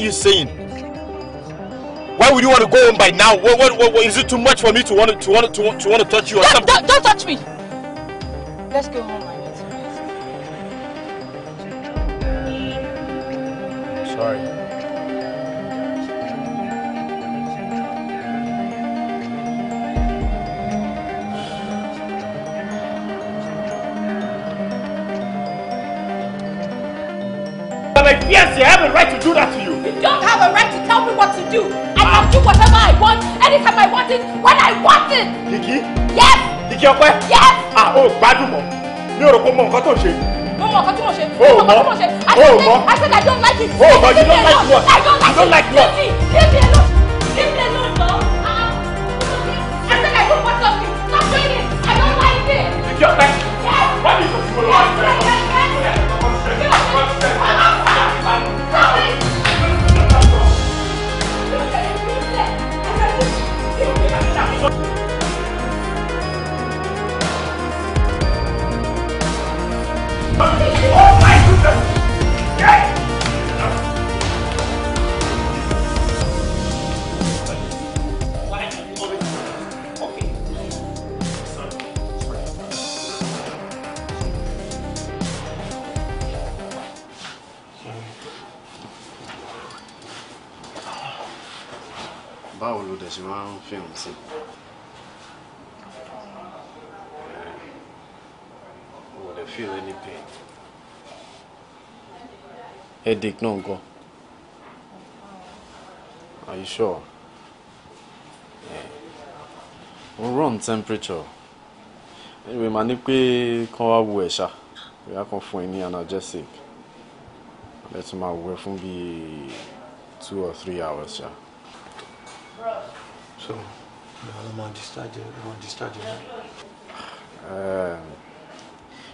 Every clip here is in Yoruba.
you saying? Why would you want to go home by now? What, what, what, what is it too much for me to want to, to want to, to want to touch you or don't, something? Don't, don't touch me. Let's go home. do. I can do whatever I want, anytime I want it, when I want it. Kiki? Yes. Kiki Ọpẹ́? Yes. Ah, oh, gbádùn mọ́. You're a rò pé mo nǹkan Oh, ń ṣe. Mo mọ nǹkan I said I don't like it. Oh, mọ, you don't like what? I don't like don't like what? Leave me, leave me alone. Leave me alone now. Ah. I said I don't want something. Stop doing it. I don't like it. Kiki ṣe máa ń fihàn sí. mo lè feel any pain. headache náà gan. are you sure? mo yeah. run temperature anyway màá ní pé kán wá wo ẹ̀ṣà ìyá kan fún ẹ ní analgesic lẹ́tùn máa wẹ̀ fún bíi two or three hours Yeah. Bro so ló máa discharge ló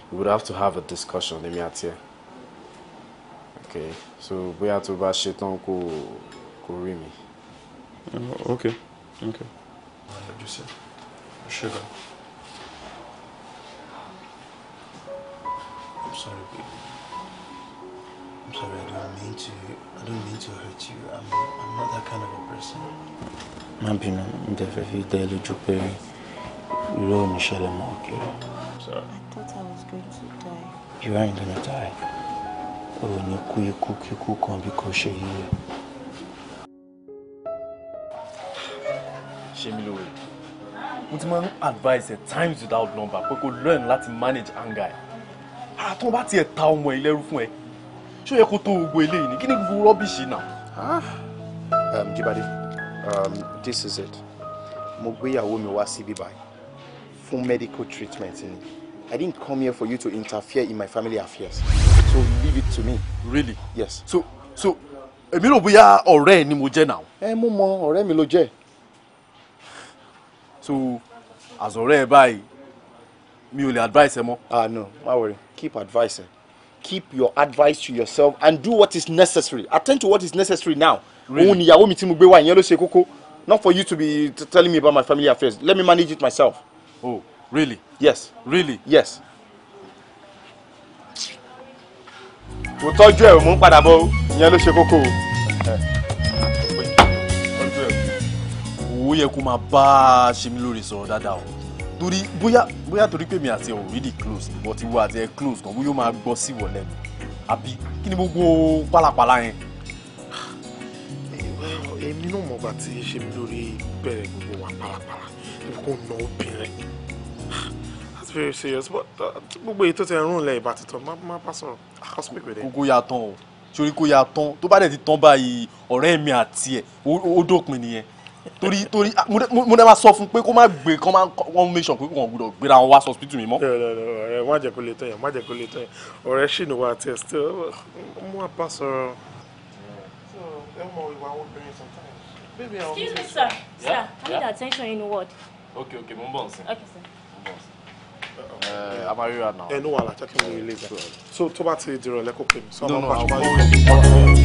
we would have to have a discussion èmi àti ẹ okay so we have to ṣe it on kó rí mi. Uh, okay okay. máa yọjú sí I'm sorry, baby. I'm sorry, I don't mean to I don't mean to hurt you. I'm I'm not that kind of a person má bínú n tẹ fẹ́ fi dá ẹ lójú pé irú I thought I was going to die. You aren't gonna die. O ò ní kú ikú kíkú kan bí kò ṣe yíyẹ. Ṣé mi lóore? Mo ti máa ń advise ẹ times without number pé kó learn láti manage anger ẹ. Ara tó bá tiẹ̀ ta ọmọ ẹ lẹ́rú fún ẹ. Ṣé ó yẹ kó tó gbogbo eléyìí ni? Kí ni gbogbo rọ́bìṣì náà? Ah, um, Jíbádé um, this is it mo gbéyàwó mi wá síbí báyìí fún medical treatment ni I didn't come here for you to interfere in my family affairs so leave it to me. really yes. so so èmi rò bóyá ọ̀rẹ́ ni mo jẹ́ náà. ẹ mo mọ ọ̀rẹ́ mi ló jẹ́. so àzọ̀rẹ́ ẹ báyìí mi ò lè advice ẹ mọ́. ah no má worry keep advice keep your advice to yourself and do what is necessary attend to what is necessary now òun níyàwó mi tí mo gbé wá ìyẹn ló ṣe kókó not for you to be telling me about my family affairs let me manage it myself. oh really. yes. really. yes. mo tọ́jú ẹ̀ mò padà bọ̀ ìyẹn ló ṣe kókó owó yẹ kó máa bá a ṣe mí lóore sọ̀rọ̀ dáadáa o torí bóyá bóyá torí pé mi àti ẹ ò really close but ìwọ àti ẹ close gan bóyá ó máa gbọ́ sí ìwọ lẹ́nu àbí kí ni gbogbo pálapàla yẹn èmi náà mọ̀gbà tí ṣe mi lórí bẹ̀rẹ̀ gbogbo wa parapara níbi kò na obìnrin that's very serious but uh, gbogbo èyí tó ti rún lẹ́yìn bá ti tán má má bá sọ̀rọ̀ I'll ah, speak with him. kókó ya tán o torí kó ya tán tó bá dẹ̀ ti tán báyìí ọ̀rẹ́ mi àti ẹ̀ ó dópin nìyẹn torí torí ah, mo dẹ́ máa sọ fún pé kó má gbé kó má wọ́n make sure pé kò gbọdọ̀ gbéra wọn wá hospital mi mọ́. ọ̀rẹ́ má jẹ́ kó lè tán yẹn má jẹ́ kó lè tán yẹn ọ̀rẹ́ ṣì ní wa tiẹ̀ still mú apá ẹ Excuse me, sir. Yeah? Sir, I need yeah? attention in what? Okay, okay, mo ń Okay, sir. Mo Uh, I'm eh, a now. Eh, no, I'm not in with you So, tó bá ti dìrọ̀lẹ́ kó pè mí. No, no, I'll call you.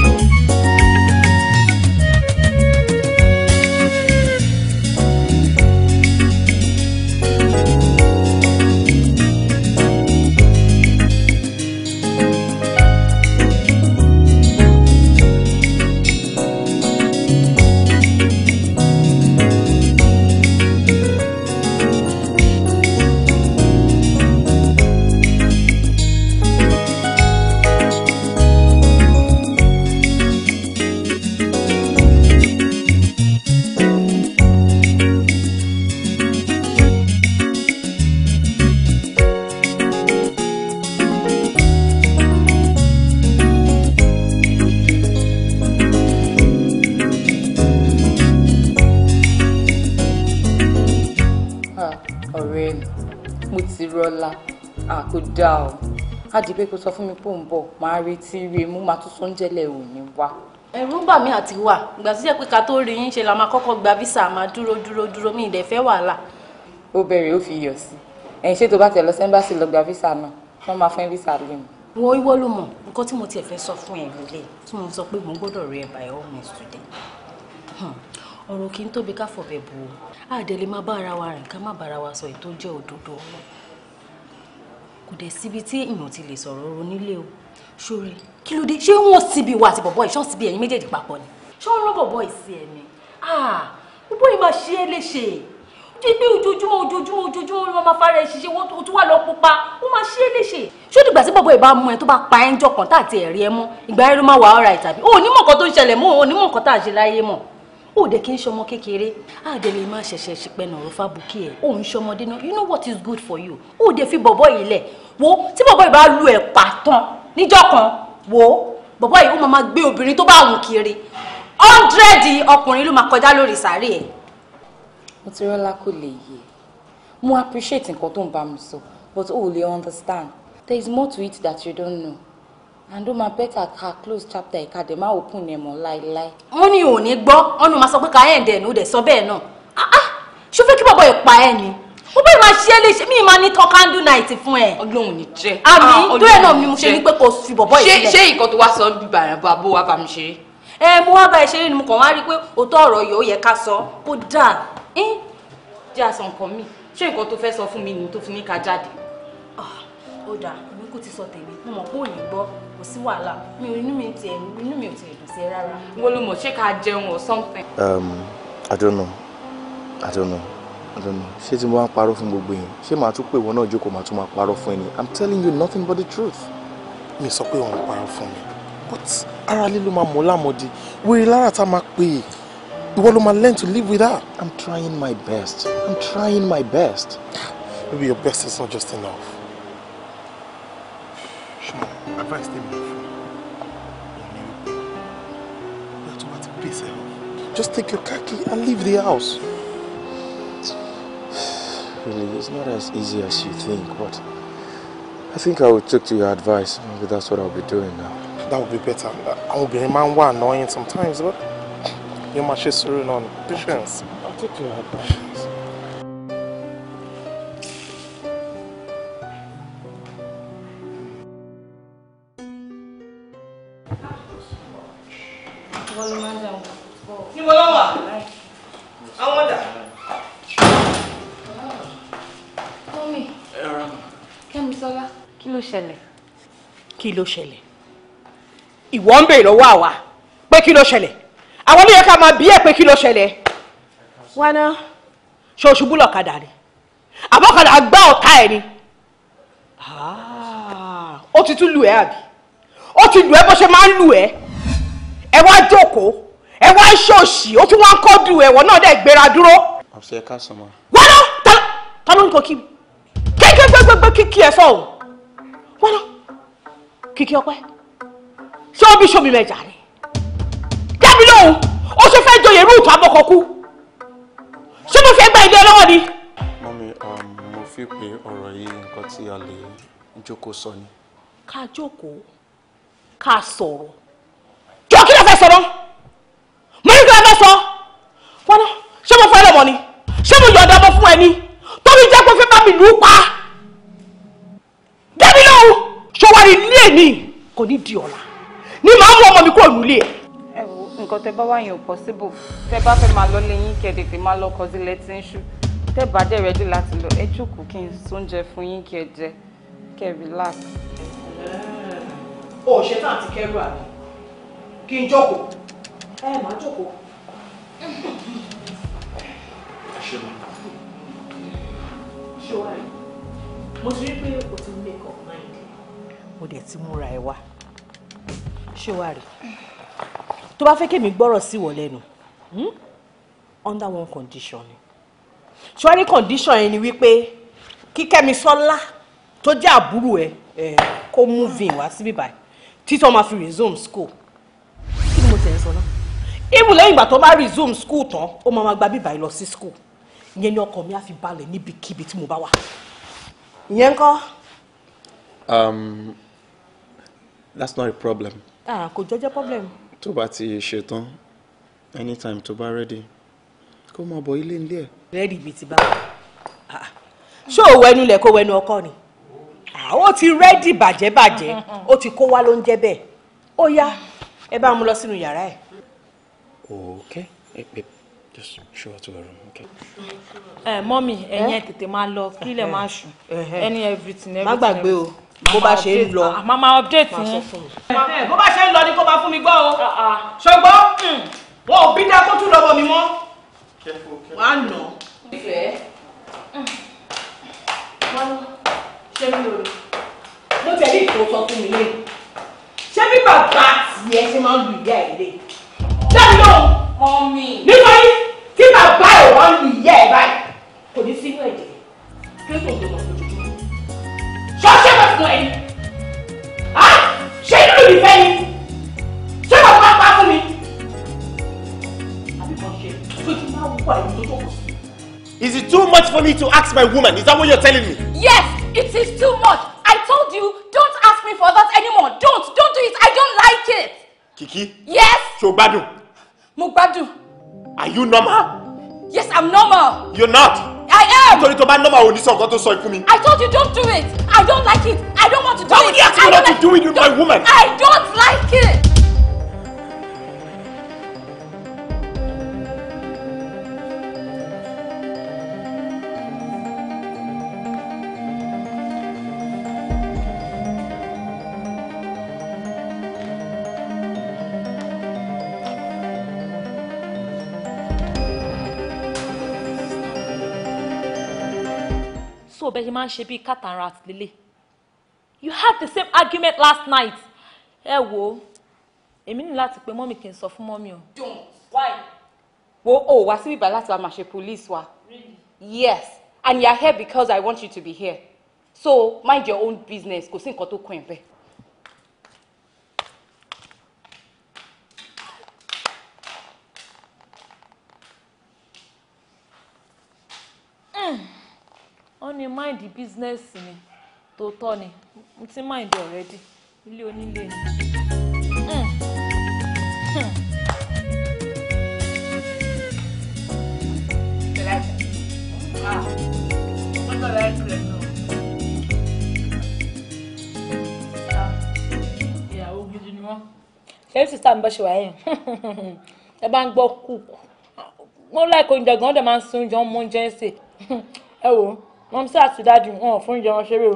á di pé kó sọ fún mi pò ń bọ̀ máa retí rè mú máa tún sóúnjẹ́lẹ̀ òní wá. ẹ̀rù ń mí àti wà ìgbà tó jẹ́ tó rí yín ṣe la máa kọ́kọ́ gba visa máa dúró dúró dúró mi ìdẹ̀ fẹ́ wàhálà. ó bẹ̀rẹ̀ ó fi yọ̀ sí ẹ̀yin ṣé tó bá tẹ̀ lọ sẹ́ńbàṣì lọ gba visa náà wọ́n máa fẹ́ visa lé mi. wo ìwọ ló mọ nǹkan tí mo tiẹ̀ fẹ́ sọ fún ẹ lélẹ̀ tí mo sọ pé mo gbọ́dọ̀ rí ẹ hmm. ọ̀rọ̀ kì í tóbi ká fọ̀bẹ̀ bò ó àdẹ̀lẹ̀ má bá ara wa rìn ká má bá ara wa sọ ètò jẹ́ òdodo ọ̀rọ̀ kò dẹ̀ síbi tí èèyàn ti lè sọ̀rọ̀ ọ̀rọ̀ nílé o ṣòro kí ló dé ṣé wọ́n síbi wa àti bọ̀bọ̀ ìṣọ́ síbi ẹ̀yin méjèèjì papọ̀ ni ṣé wọ́n rán bọ̀bọ̀ ìsì ẹ̀ ni ah, bọ̀bọ̀ yìí máa ṣe é léṣe bíbí ojoojúmọ́ ojoojúmọ́ ojoojúmọ́ ló máa fara ẹ̀ ṣiṣẹ́ wọ́n tó wà lọ pupa ó máa ṣe é léṣe ṣó dìgbà tí bọ̀bọ̀ ìbá mú ẹ tó bá pa ẹ́ ń tá àti ẹ̀rí ẹ mọ́ ìgbà ẹ ló máa wà ọ́ra ìtàbí òun onímọ̀ kan tó ń ṣẹlẹ̀ mọ́ òun onímọ̀ kan tá à ń ṣe láyé mọ́ ó dẹ̀ kí n ṣọmọ kékeré á dẹ̀ lè má ṣẹ̀ṣẹ̀ ṣìpẹ́ nà ọ̀rọ̀ fábùkì ẹ̀ ó ń ṣọmọdé you know what is good for you ó dẹ̀ fi bọ̀bọ̀ yìí lẹ̀ wo tí bọ̀bọ̀ yìí bá lu ẹ̀ pàtàn níjọ́ kan wo bọ̀bọ̀ yìí ó máa máa gbé obìnrin tó bá wù kiri ọ́ndrẹ́dì ọkùnrin ló máa kọjá lórí sàárè ẹ̀. mo ti rọ́lá kò lè yé mo appreciate nǹkan tó ń bá mi sọ but o ò understand there is more to it that you don't know and ó máa bẹ́ kàkà close chapter ìka dẹ̀ máa òkun ẹ̀ mọ́ láéláé. wọ́n ní ò ní gbọ́ ọ̀nà máa sọ pé ká ẹ̀ ń dẹ̀ sọ bẹ́ẹ̀ náà ah ah ṣó fẹ́ kí bàbá ẹ̀ pa ẹ̀ ni mo bẹ́ẹ̀ máa ṣe é léṣe mí máa ní tọ́ kándú night fún ẹ. ọlọ́run ní jẹ́ àmì tó ẹ̀ náà ni mo ṣe ní pé kò fi bọ̀bọ̀ yìí sílẹ̀. ṣé ìkan tó wá sọ ń bíbà rẹ̀ bá bó wá bá mi ṣe é. ẹ mo wá bá ẹ ṣeré ni mo kàn wá rí i pé òótọ́ ọ̀rọ̀ yìí ó yẹ ká sọ kó dáa ẹ jẹ́ àṣọ nǹkan mi ṣé nǹkan tó fẹ́ sọ fún mi ni tó fi ní ká jáde. Ah, ó dáa èmi kò ti sọ tèmi mo mọ̀ pé ò kò sí wàhálà mi ò inú mi ti ẹ̀ inú mi ò ti ẹ̀dùn sí ẹ rárá. wọ́n ló mọ̀ ṣé ká jẹun or something. Um, I don't know I don't know I don't know ṣé tí mo bá ń parọ́ fún gbogbo yẹn ṣé màá tún pé ìwọ náà jókòó màá tún máa parọ́ fún ẹ ni I'm telling you nothing but the truth. mi sọ pé òun parọ́ fún mi but ara lílo máa mọ̀ lámọ̀dé wèrè lára tá a máa pè é ìwọ ló máa learn to live with that. I'm trying my best I'm trying my best. Maybe your best is not just enough. Sure advice them lè fún ọ ní wípé bóyá tó bá ti pè sẹ́ just take your car key and leave the house. really it's not as easy as you think but I think I will take to your advice maybe that's what I'll be doing now. that would be better I will be a man wá annoying sometimes but yóò máa ṣe sùúrù náà patience. I'll take your advice. lọ́wọ́ ló máa ń kí ló ṣẹlẹ̀. ìwọ ń bèèrè lọ́wọ́ àwa pé kí ló ṣẹlẹ̀ àwọn olóyè ká máa bí ẹ̀ pé kí ló ṣẹlẹ̀ wọn ṣoṣubú lọ́kadà ni àbọ̀kadà gbá ọ̀tá ẹ̀ ni ah, ó ti tún lù ẹ́ àbí ó ti lù ẹ́ bó ṣe máa ń lù ẹ́ ẹ wá jókòó ẹ wá ṣòṣì ó tún wá kọ́dù ẹ̀wọ̀ náà dẹ̀ gbéra dúró. àfẹ́ ká sọ ma. wọ́n lọ ta ló ń kọ kí kékégbégbé kíkí ẹ fọ́ o wọ́n lọ kíkí ọpẹ́ ṣé ó bí ṣomi mẹ́jà ni dábì lóhùn ó ṣe fẹ́ joyè rúùtù abọ́kọ̀kú ṣé mo fẹ́ gba ilé ọlọ́wọ́ ni. mọ́mi um, mo fi pe ọ̀rọ̀ yìí nǹkan tí a lè jókòó sọ ni. ká jókòó ká sọ̀rọ̀ jọ kí ló fẹ́ sọ náà mo ní kí ló fẹ́ sọ wọn náà ṣé mo fún ẹ lọ́mọ ni ṣé mo yọ̀ọ̀dọ̀ ọmọ fún ẹ ni tóbi jẹ́ pé fẹ́ bá mi lù ú pa débi lóhùn ṣọwárí ní èmi kò ní di ọ̀la ní màá mú ọmọ mi kúrò nílé ẹ̀. ẹ wo nǹkan tẹ bá wáyàn possible tẹ bá fẹ́ máa lọ lẹ́yìn kẹdẹ pé máa lọ kọsí lẹtí ń ṣú tẹ bá dẹ rẹdí láti lọ ẹ jókòó kí n sóúnjẹ fún yín kí ẹ jẹ kẹ relax. ọ̀ṣẹ́ náà ti kẹ́rù àná kí n jókòó ẹ má jókòó. ṣé mo ti rí pé o ti make up mind. mo dẹ̀ ti múra ẹ wá ṣé wàá rí tó bá fẹ́ kémi gbọ́rọ̀ sí wọ lẹ́nu hmm? under one condition ni ṣùgbọ́n ní condition yẹn ni wípé kí Kẹ́mi Sọ́lá tó jẹ́ àbúrò ẹ kó moving wá síbí báyìí títọ́ máa fi resume school even lẹ́yìn ìgbà tó bá resume school tán ó máa ma gba bíbá yìí lọ sí school ìyẹn ni ọkọ mi á fi balẹ̀ níbikíbi tí mo bá wà ìyẹn ń kọ́. um that's not a problem. ah kò jọjọ problem. tó bá ti ṣetán anytime tó bá ready kó máa bọ̀ ilé nílé ẹ̀. ready bíi ti báwo ṣé òun wẹnu lẹ kó wẹnu ọkọ ni ó ti ready bàjẹ́ bàjẹ́ ó ti kó wá ló ń jẹ́ bẹ́ẹ̀ ó yá ẹ bá mu lọ sínú yàrá ẹ̀ okay hey, babe just show her to her room okay. Eh, eh? ẹ mọ́mì ẹ̀yin ẹ̀ tètè máa lọ kílẹ̀ máa sùn eh, any everything everything. má gbàgbé o bó bá ṣe ń lọ update yín. bó bá ṣe ń lọ ni kó máa fún mi gbọ́ o ah, ah. ṣọgbọ́ hmm, wọn ò bí dá kó tún lọ́wọ́ mi mọ́ wọn á nà. ìfẹ́ wọn ṣé mi ò mo tẹ̀lé ìfowópamọ́ fún mi lé ṣé bí bàbá tiẹ̀ ṣe máa ń lu ìyá ẹ̀ dábì lóhùn. mọ́mí. nítorí tí bàbá ẹ̀ wọ́n lu ìyá ẹ̀ báyìí kò ní sínú ẹ̀jẹ̀ kí ló tó lọ fún ojúmọ́. ṣọ́ọ́ṣẹ́ bẹ̀ fún ẹni. ṣé inú mi fẹ́ ni ṣé wọ́n bá pa fún mi. àbí kan ṣe tó ti máa wúwo Is it too much for me to ask my woman? Is that what you're telling me? Yes, it is too much. I told you, don't ask me for that anymore. Don't, don't do it. I don't like it. Kiki? Yes? Ṣó gbádùn? mo are you normal. yes i'm normal. you're not. I am. nítorí to bá normal ò ní sọ nǹkan tó sọ ikú mi. I told you don't do it. I don't like it. I don't want to do it. Why would you ask me not to do it with my woman? I don't like it. bẹ́ẹ̀ ṣe bíi cat lélẹ̀ you had the same argument last night ẹ wo èmi ní láti pe mọ́mì kí n sọ fún mọ́mì o. don't why. wo o wá síbí báyìí láti wá máa ṣe police wa. really. yes and you are here because i want you to be here so mind your own business kò sí nǹkan tó kàn ẹ́ bẹ́ẹ̀. Mm ó ní mind business ni tó ni mo ti mind already ilé onílé ni. Hmm. ṣé sísá ń bọ́ ṣe wáyé ẹ bá ń gbọ́ kúkú wọ́n láìkó oúnjẹ gan-an ó dẹ̀ máa ń sin oúnjẹ ó mú oúnjẹ ń sè ẹ wò ó wọn sá àti wọn fún oúnjẹ wọn ṣeré o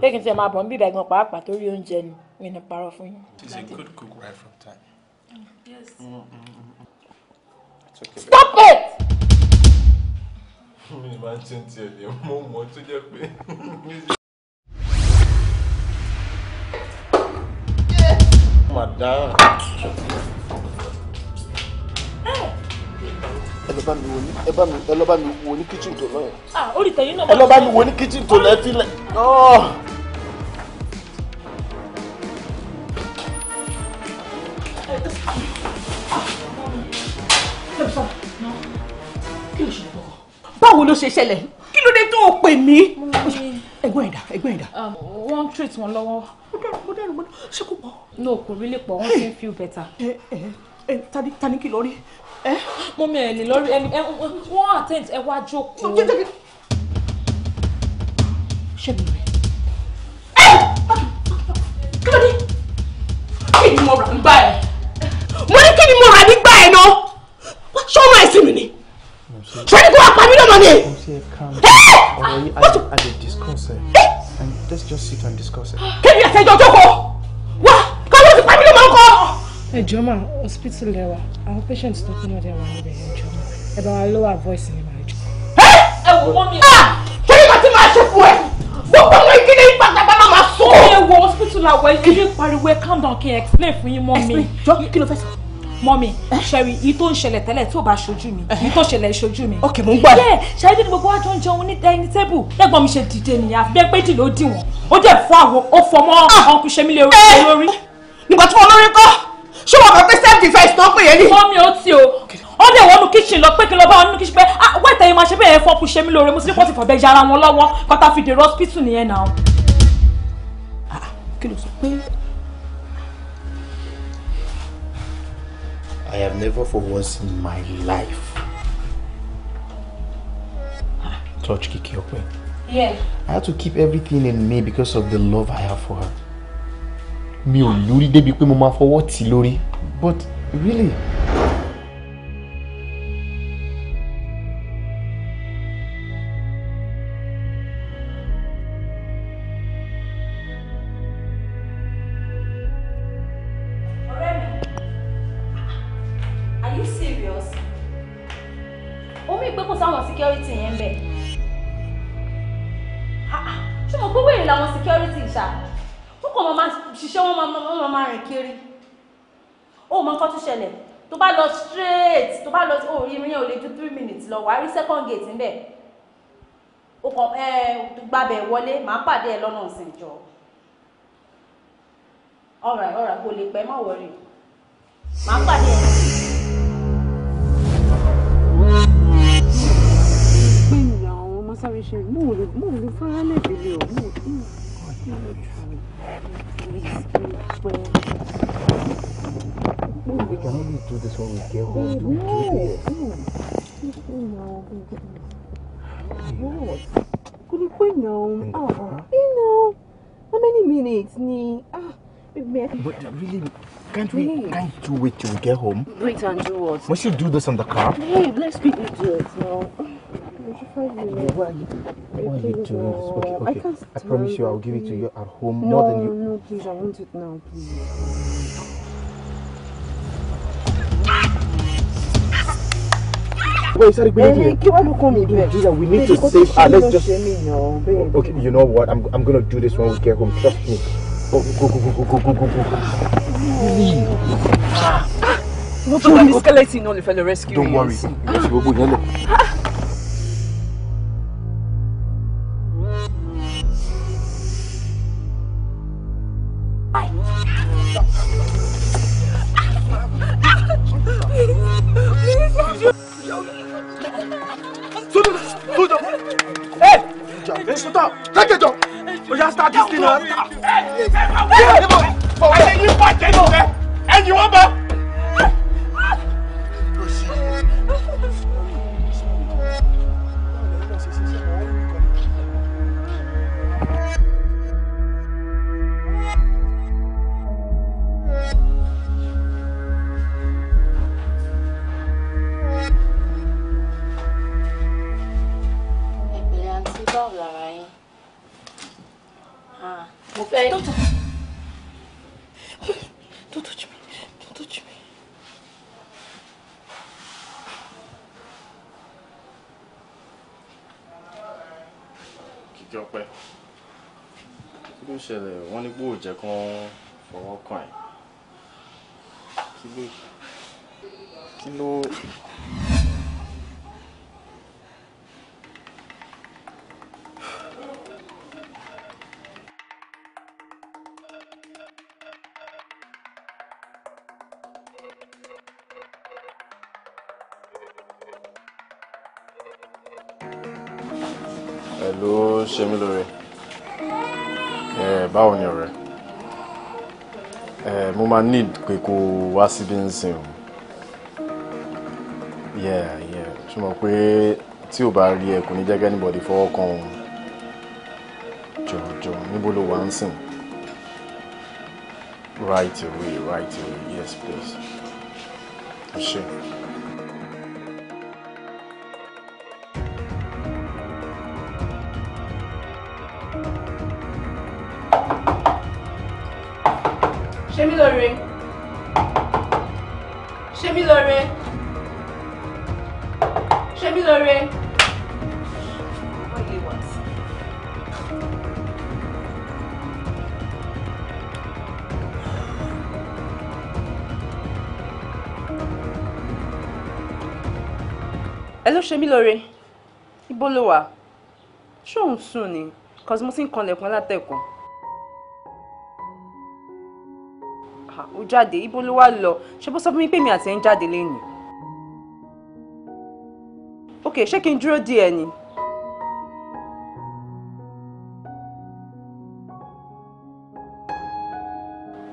pé mm. kí n tiẹ̀ máa bọ̀ ń bí ìbẹ̀gbọ̀n pàápàá torí oúnjẹ ni mi ní parọ́ fún yín. Mm, mm, stop it. mi ni máa ń ṣe tiẹ̀ ní mo mọ̀ tó jẹ́ pé. lọ bá mi wò ní ẹ mi ẹ mi wò ní kitchen tó lọ yẹn. ah orí tẹ̀yìn náà. ẹ lọ bá mi wò ní kitchen tó lọ ẹ fi lẹ. Oh. báwo ló ṣe ṣẹlẹ̀ kí ló dé tó o pè mí. ẹ̀gbọ́n ẹ̀dá ẹ̀gbọ́n ẹ̀dá. Um, wọ́n ń treat wọn lọ́wọ́. mo dẹ́rù mo dẹ́rù mo dẹ́rù ṣé kò pọ̀. no kò rí lè pọ̀ wọ́n ti ń feel better. ẹ eh, ẹ eh, eh, tani tani kí rí ẹ mú mi ẹ lè lọ rí ẹni wọn attend ẹ wá jókòó. ṣé mi rẹ. ẹ kí ló dé kí ni mo rà nígbà ẹ mo ní kí ni mo rà nígbà ẹ náà ṣé ọmọ ẹsìn mi ni ṣé ní kí wàá pa mí lọ́mọ ni. ọ̀rọ̀ yìí a lè discuss ẹ̀ and let's just sit and discuss ẹ̀. kébì ẹ̀sẹ̀ jọ jókòó wá kọ́ ló ti pa mí lọ́mọ nǹkan. Hey, jọ̀ọ́ hospital lewa. Our àwọn patients talking about their dẹ̀ wà níbẹ̀ ẹ jọ̀ọ́ mà ẹ bá wa lower voice ni màá jọ. ẹ wò wọ́n mi. Ah! kí ni màá ti máa ṣe fún ẹ gbogbo ọmọ ìkíni pàtàkì náà máa sọ. ẹ wo hospital àwọ̀ ẹ ṣe pariwo ẹ calm down kí ẹ explain for you, mommy. Explain. jọ kí ló fẹ́ Mommy, Sherry, you don't tó ń ṣẹlẹ̀ tẹ́lẹ̀ tí ò bá ṣojú mi eh? yìí tó ṣẹlẹ̀ ṣojú mi. ok mo ń gbà. yẹ ṣáájú ni gbogbo wa jọ ń jẹun ní dining table lẹ́gbọ̀n mommy ṣe dìde nìyà bí ẹgbẹ́ ìdìlẹ̀ ó dì wọ́n ó dẹ̀ fọ́ àwọn ó fọ mọ́ ah! ọkùnrin ṣe mí lè rí eh! lórí. nígbà tí ṣé wọn kàn pé self defence tó ń pè yẹn ni. wọ́n mi ò tí o wọ́n dẹ̀ wọ́n nu lọ pé kí n lọ bá wọn nínú kitchen pé ah, wẹ́ẹ̀ tẹ̀yìn máa ṣe bẹ́ẹ̀ fọ́ kù ṣe mí lóore mo ti ní pọ́sì fọ̀bẹ yára wọn lọ́wọ́ kọ́tà fi dèrò hospital nìyẹn náà. Ah, ah, kí ló sọ pé. I have never for once in my life touch Kiki Okwe. Yeah. I had to keep everything in me because of the love I have for her mi ò lórí débi pé mo máa fọwọ́ tì lórí but really wà á rí second gate ńbẹ̀ ó kọ ẹ gbàbẹ̀ wọlé màá pàdé ẹ lọ́nà ọ̀sìn jọ ọ̀rà ọ̀rà kò lè pẹ́ má wọrí màá pàdé ẹ. sáré ṣe mo ò lè mo ò lè fara lẹ́bìlì o mo ò lè mo ò lè. We cannot do this when we get home. No, no know, what? Could you quit now? you know, how many minutes? Ni? Ah, but really, can't we? Babe. Can't you wait till we get home? Wait and do what? We should do this on the car. Babe, let's quickly do it now. Why are you, why are you doing this? Okay, okay. I, can't I promise you, I'll give it to you at home no, more than you. No, please, I want it now, please. Wait, sorry, we need to. We need to save her. Let's just. Okay, you know what? I'm I'm gonna do this when we get home. Trust me. Oh, go go go go go go go go. Really? no problem. Miss Skeleton only fell rescue. Don't worry. pẹ̀lú ṣẹ́mi lóore báwo ni ọ̀rẹ́ mo máa need pé kó wá síbí nsìn o ṣùgbọ́n pé tí ò bá rí ẹ kò ní jẹ́ anybody fọwọ́ kan òun jọ̀jọ̀ níbo ló wà ń sìn right away right away yes please. Sure. ṣe mí lóore ṣe mí lóore ṣe mí lóore. ẹ ló ṣe mí lóore ibo ló wà ṣóun sùn ni cos mo ti ń kanlẹ̀kùn alátẹ̀kùn. jáde ibo ló wá lọ ṣé bó sọ fún mi pé mi àti ẹ̀ ń jáde lẹ́yìn. ok ṣé kí n dúró di ẹ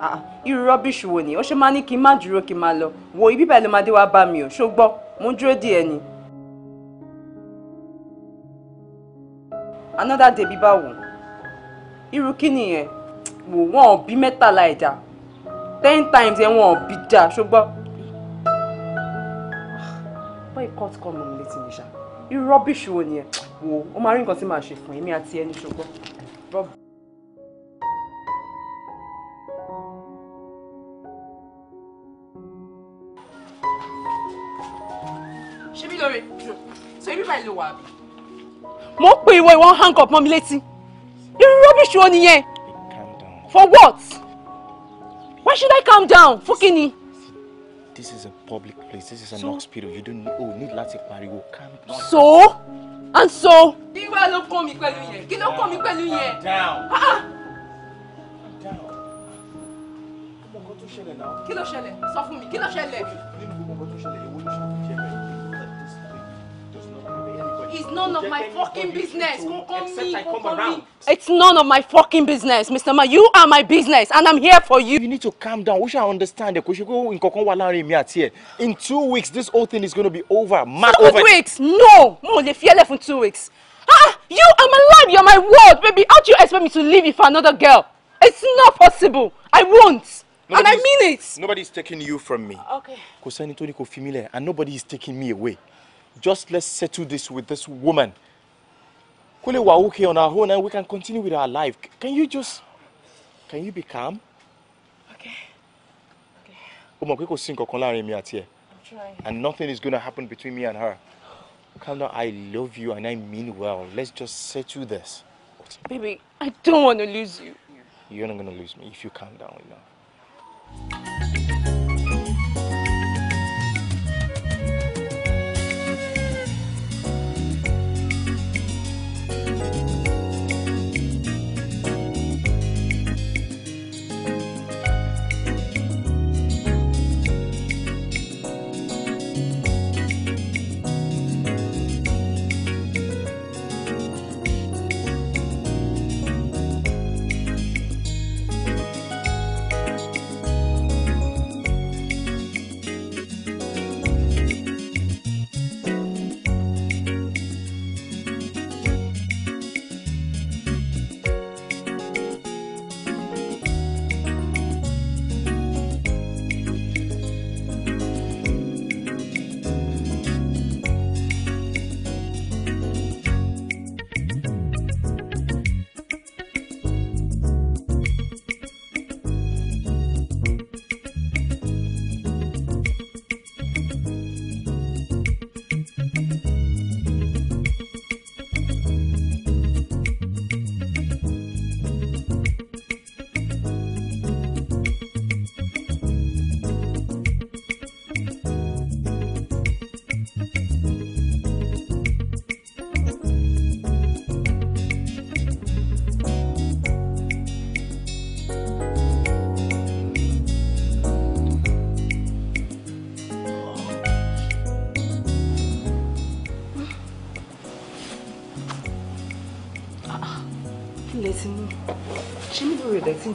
ah, irú rọ́bìṣì wo ni ó ṣe máa ní kí n má dúró kí n máa lọ wo ibi bẹ́ẹ̀ ló máa dé wá bá mi ò ṣó gbọ́ mo ń dúró di ẹ another day bíbá wò irú kí nìyẹn wò wọ́n bí mẹ́tàlá ẹ̀dá ten times ẹ̀wọ̀n ọ̀bì dà ṣùgbọ́n. bọ́ọ̀ court call ló ń létí mi ṣá irú rọ́bìṣì wo nìyẹn wo ó máa rí nǹkan tí màá ṣe fún èmi àti ẹni ṣùgbọ́n. ṣé bí lóore so ibi báyìí ló wà á bí. mo ń pè ìwọ ìwọ hang up mi létí irú rọ́bìṣì wo nìyẹn for what. Why should I calm down? Fún This is a public place. This is an so? hospital. You don't need, oh, need láti pariwo. Calm down. So? And so? Bí wàá ló kàn mí yẹn? Kí ló kàn mí pẹ̀lú yẹn? Calm down. Ah! ah. Kí ló ṣẹlẹ̀ Sọ fún mi, kí ló ṣẹlẹ̀? Nínú gbogbo nǹkan tó ṣẹlẹ̀, èwo ló ṣẹlẹ̀? It's none of my fucking business. Go call me. Go call me. It's none of my fucking business, Mr. Ma. You are my business, and I'm here for you. You need to calm down. We should understand We should go in Kokon Walari mi àti ẹ. In two weeks, this whole thing is going to be over. Mark two over. weeks? No. No, lè fi ẹ́ lẹ̀ two weeks. Ah, you are my life. You're my world, baby. How do you expect me to leave you for another girl? It's not possible. I won't. Nobody's, and I mean it. Nobody's taking you from me. Okay. Kò sẹ́ni tó ní kò and nobody is taking me away just let's settle this with this woman. Kule wa okay on our own and we can continue with our life. Can you just, can you be calm? Okay. Okay. O mọ̀ pé kò mi àti ẹ̀. I'm trying. And nothing is gonna happen between me and her. Calm down, I love you and I mean well. Let's just settle this. Baby, I don't want to lose you. You're not gonna lose me if you calm down enough. You know?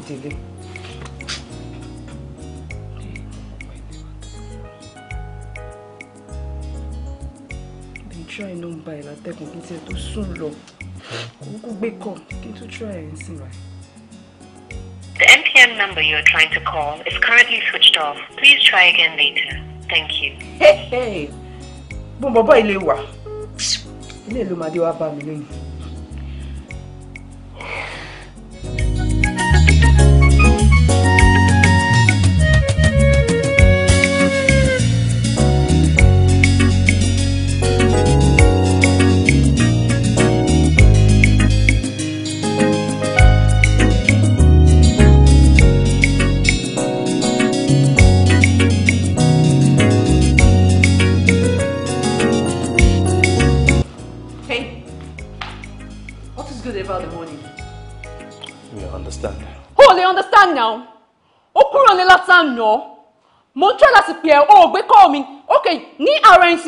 délé. try nọmba ẹ̀ látẹ̀kùn kí tiẹ̀ tó sùn lọ kúkú gbé kọ̀ kí tó try ẹ̀ ń sìn The MTN number you are trying to call is currently switched off. Please try again later. Thank you. Bọ́n bọ́bọ́ ilé wà. Ilé ìlú Màdé wá bá mi lónìí.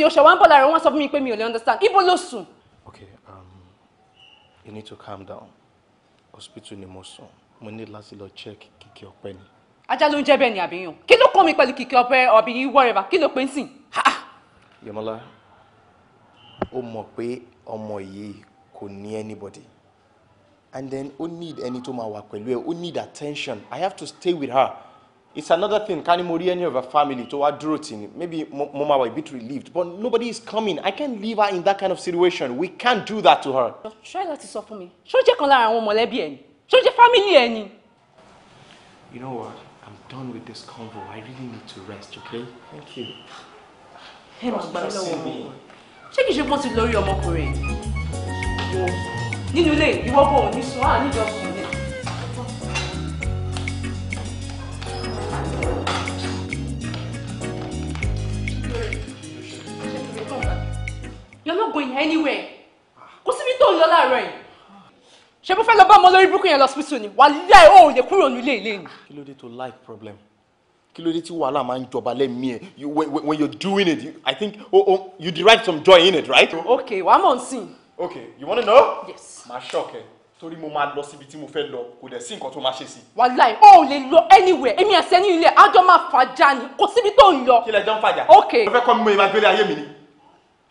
nísìnyí oṣù wa ń bọ̀ lára wọn sọ fún mi pé mi ò lè understand ibo ló sùn. okay um, you need to calm down hospital ni mo sùn mo ní láti lọ check kìkì ọpẹ ni. ajá ló ń jẹ́ bẹ́ẹ̀ ni àbíyàn kí ló kọ́ mi pẹ̀lú kìkì ọpẹ ọ̀bì yìí wọ́rẹ̀bà kí ló pé ń sìn. Yẹmọlá ó mọ̀ pé ọmọ yìí kò ní anybody and then ó need ẹni tó máa wà pẹ̀lú ẹ ó need attention I have to stay with her it's another thing ká ní mo rí any of her family to wá dúró maybe Mama will be relieved but nobody is coming i can't leave her in that kind of situation we can't do that to her. Try not to suffer me. Show jẹ́ kan lára àwọn mọ̀lẹ́bí ẹ̀ ni family any. you know what i'm done with this convo i really need to rest okay. thank you. ẹ máa gbá lọ́wọ́ mi ṣé kìí ṣe pọ́n ti lórí ọmọkùnrin nínú you ìwọ́gbọ̀n ò ní sùn á níjọ sùn ní. oògùn yẹn anywhere kò síbi tó ń lọ láàárọ̀ yìí ṣé mo fẹ́ lọ bá ọmọ lórí burúkú yẹn lọ síbítù ni wà láì ó lè kúrò nílé ilé ni. kí ló dé tó like problem kí ló dé tí wàhálà máa ń jọba lẹ́mí ẹ̀ when you're doing it i think oh, oh, you derive some joy in it right. okay wàá mọ̀ n sìn. okay you wanna know. yes. ma shock ẹ torí mo máa lọ síbi tí mo fẹ́ lọ kò dẹ̀ sí nǹkan tó máa ṣe sí. wàláì ó lè lọ anywhere èmi àti ẹni ilé àjọ máa fàjà ni kò síbi tó ń lọ. kí lẹ jọ ń fàjà. ok. mo fẹ́ kọ́ mi mo ìmàgbélé ayé mi ni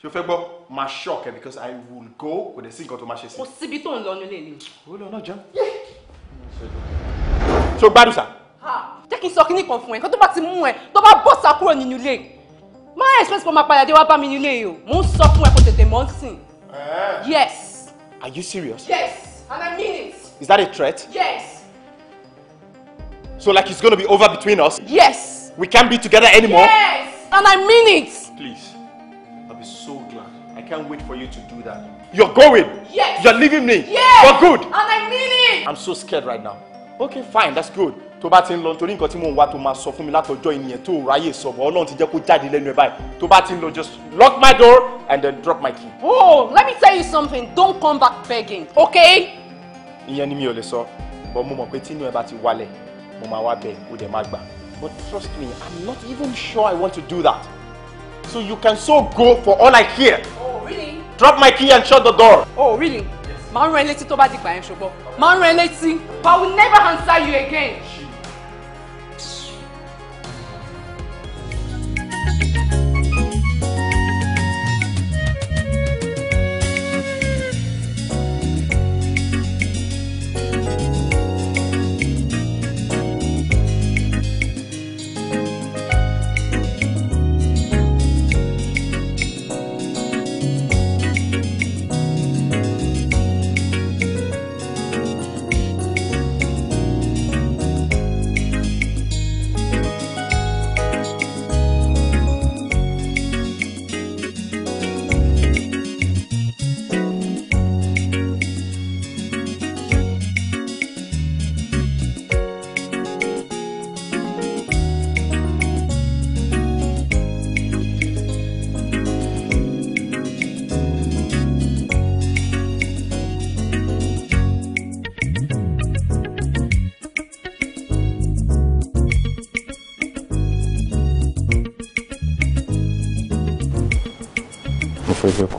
ṣé o fẹ́ gbọ́ shock, eh? because I will go with dẹ̀ single to tó máa ṣe sí. kò síbi tó ń lọ ni. ó lọ náà jẹun. so gbádùn sá. jẹ́ kí n sọ kínní kan fún ẹ kó tó bá ti mú ẹ tó bá bọ́ sá kúrò nínú ilé má express kó máa padà wá bá mi nílé o mò ń sọ fún ẹ kó tètè mọ́ sìn. Eh? yes. are you serious. yes and I mean it. is that a threat. yes. so like it's gonna be over between us. yes. we can't be together anymore. yes and I mean it. please can't wait for you to do that. You're going. Yes. You're leaving me. Yes. For good. And I mean it. I'm so scared right now. Okay, fine, that's good. To bá ti ń lọ nítorí nǹkan tí mò ń wá tó máa sọ fún mi látọjọ́ ènìyàn tó ráyè sọ bọ́ Ọlọ́run ti jẹ́ kó jáde lẹ́nu ẹ̀ báyìí. Tó bá ti ń just lock my door and then drop my key. Oh, let me tell you something, don't come back begging, okay? Ìyẹn ni mi ò lè sọ, but mo mọ̀ pé tí inú ẹ bá ti wálẹ̀, mo máa wá bẹ̀ ó dẹ̀ máa gbà. But trust me, I'm not even sure I want to do that. So you can so go for all I care. Oh really? Drop my key and shut the door. Oh, really? Yes. Máa ń rán ẹ létí tó bá dìgbà yẹn ṣùgbọ́n. Máa ń rán létí. But I will never answer you again.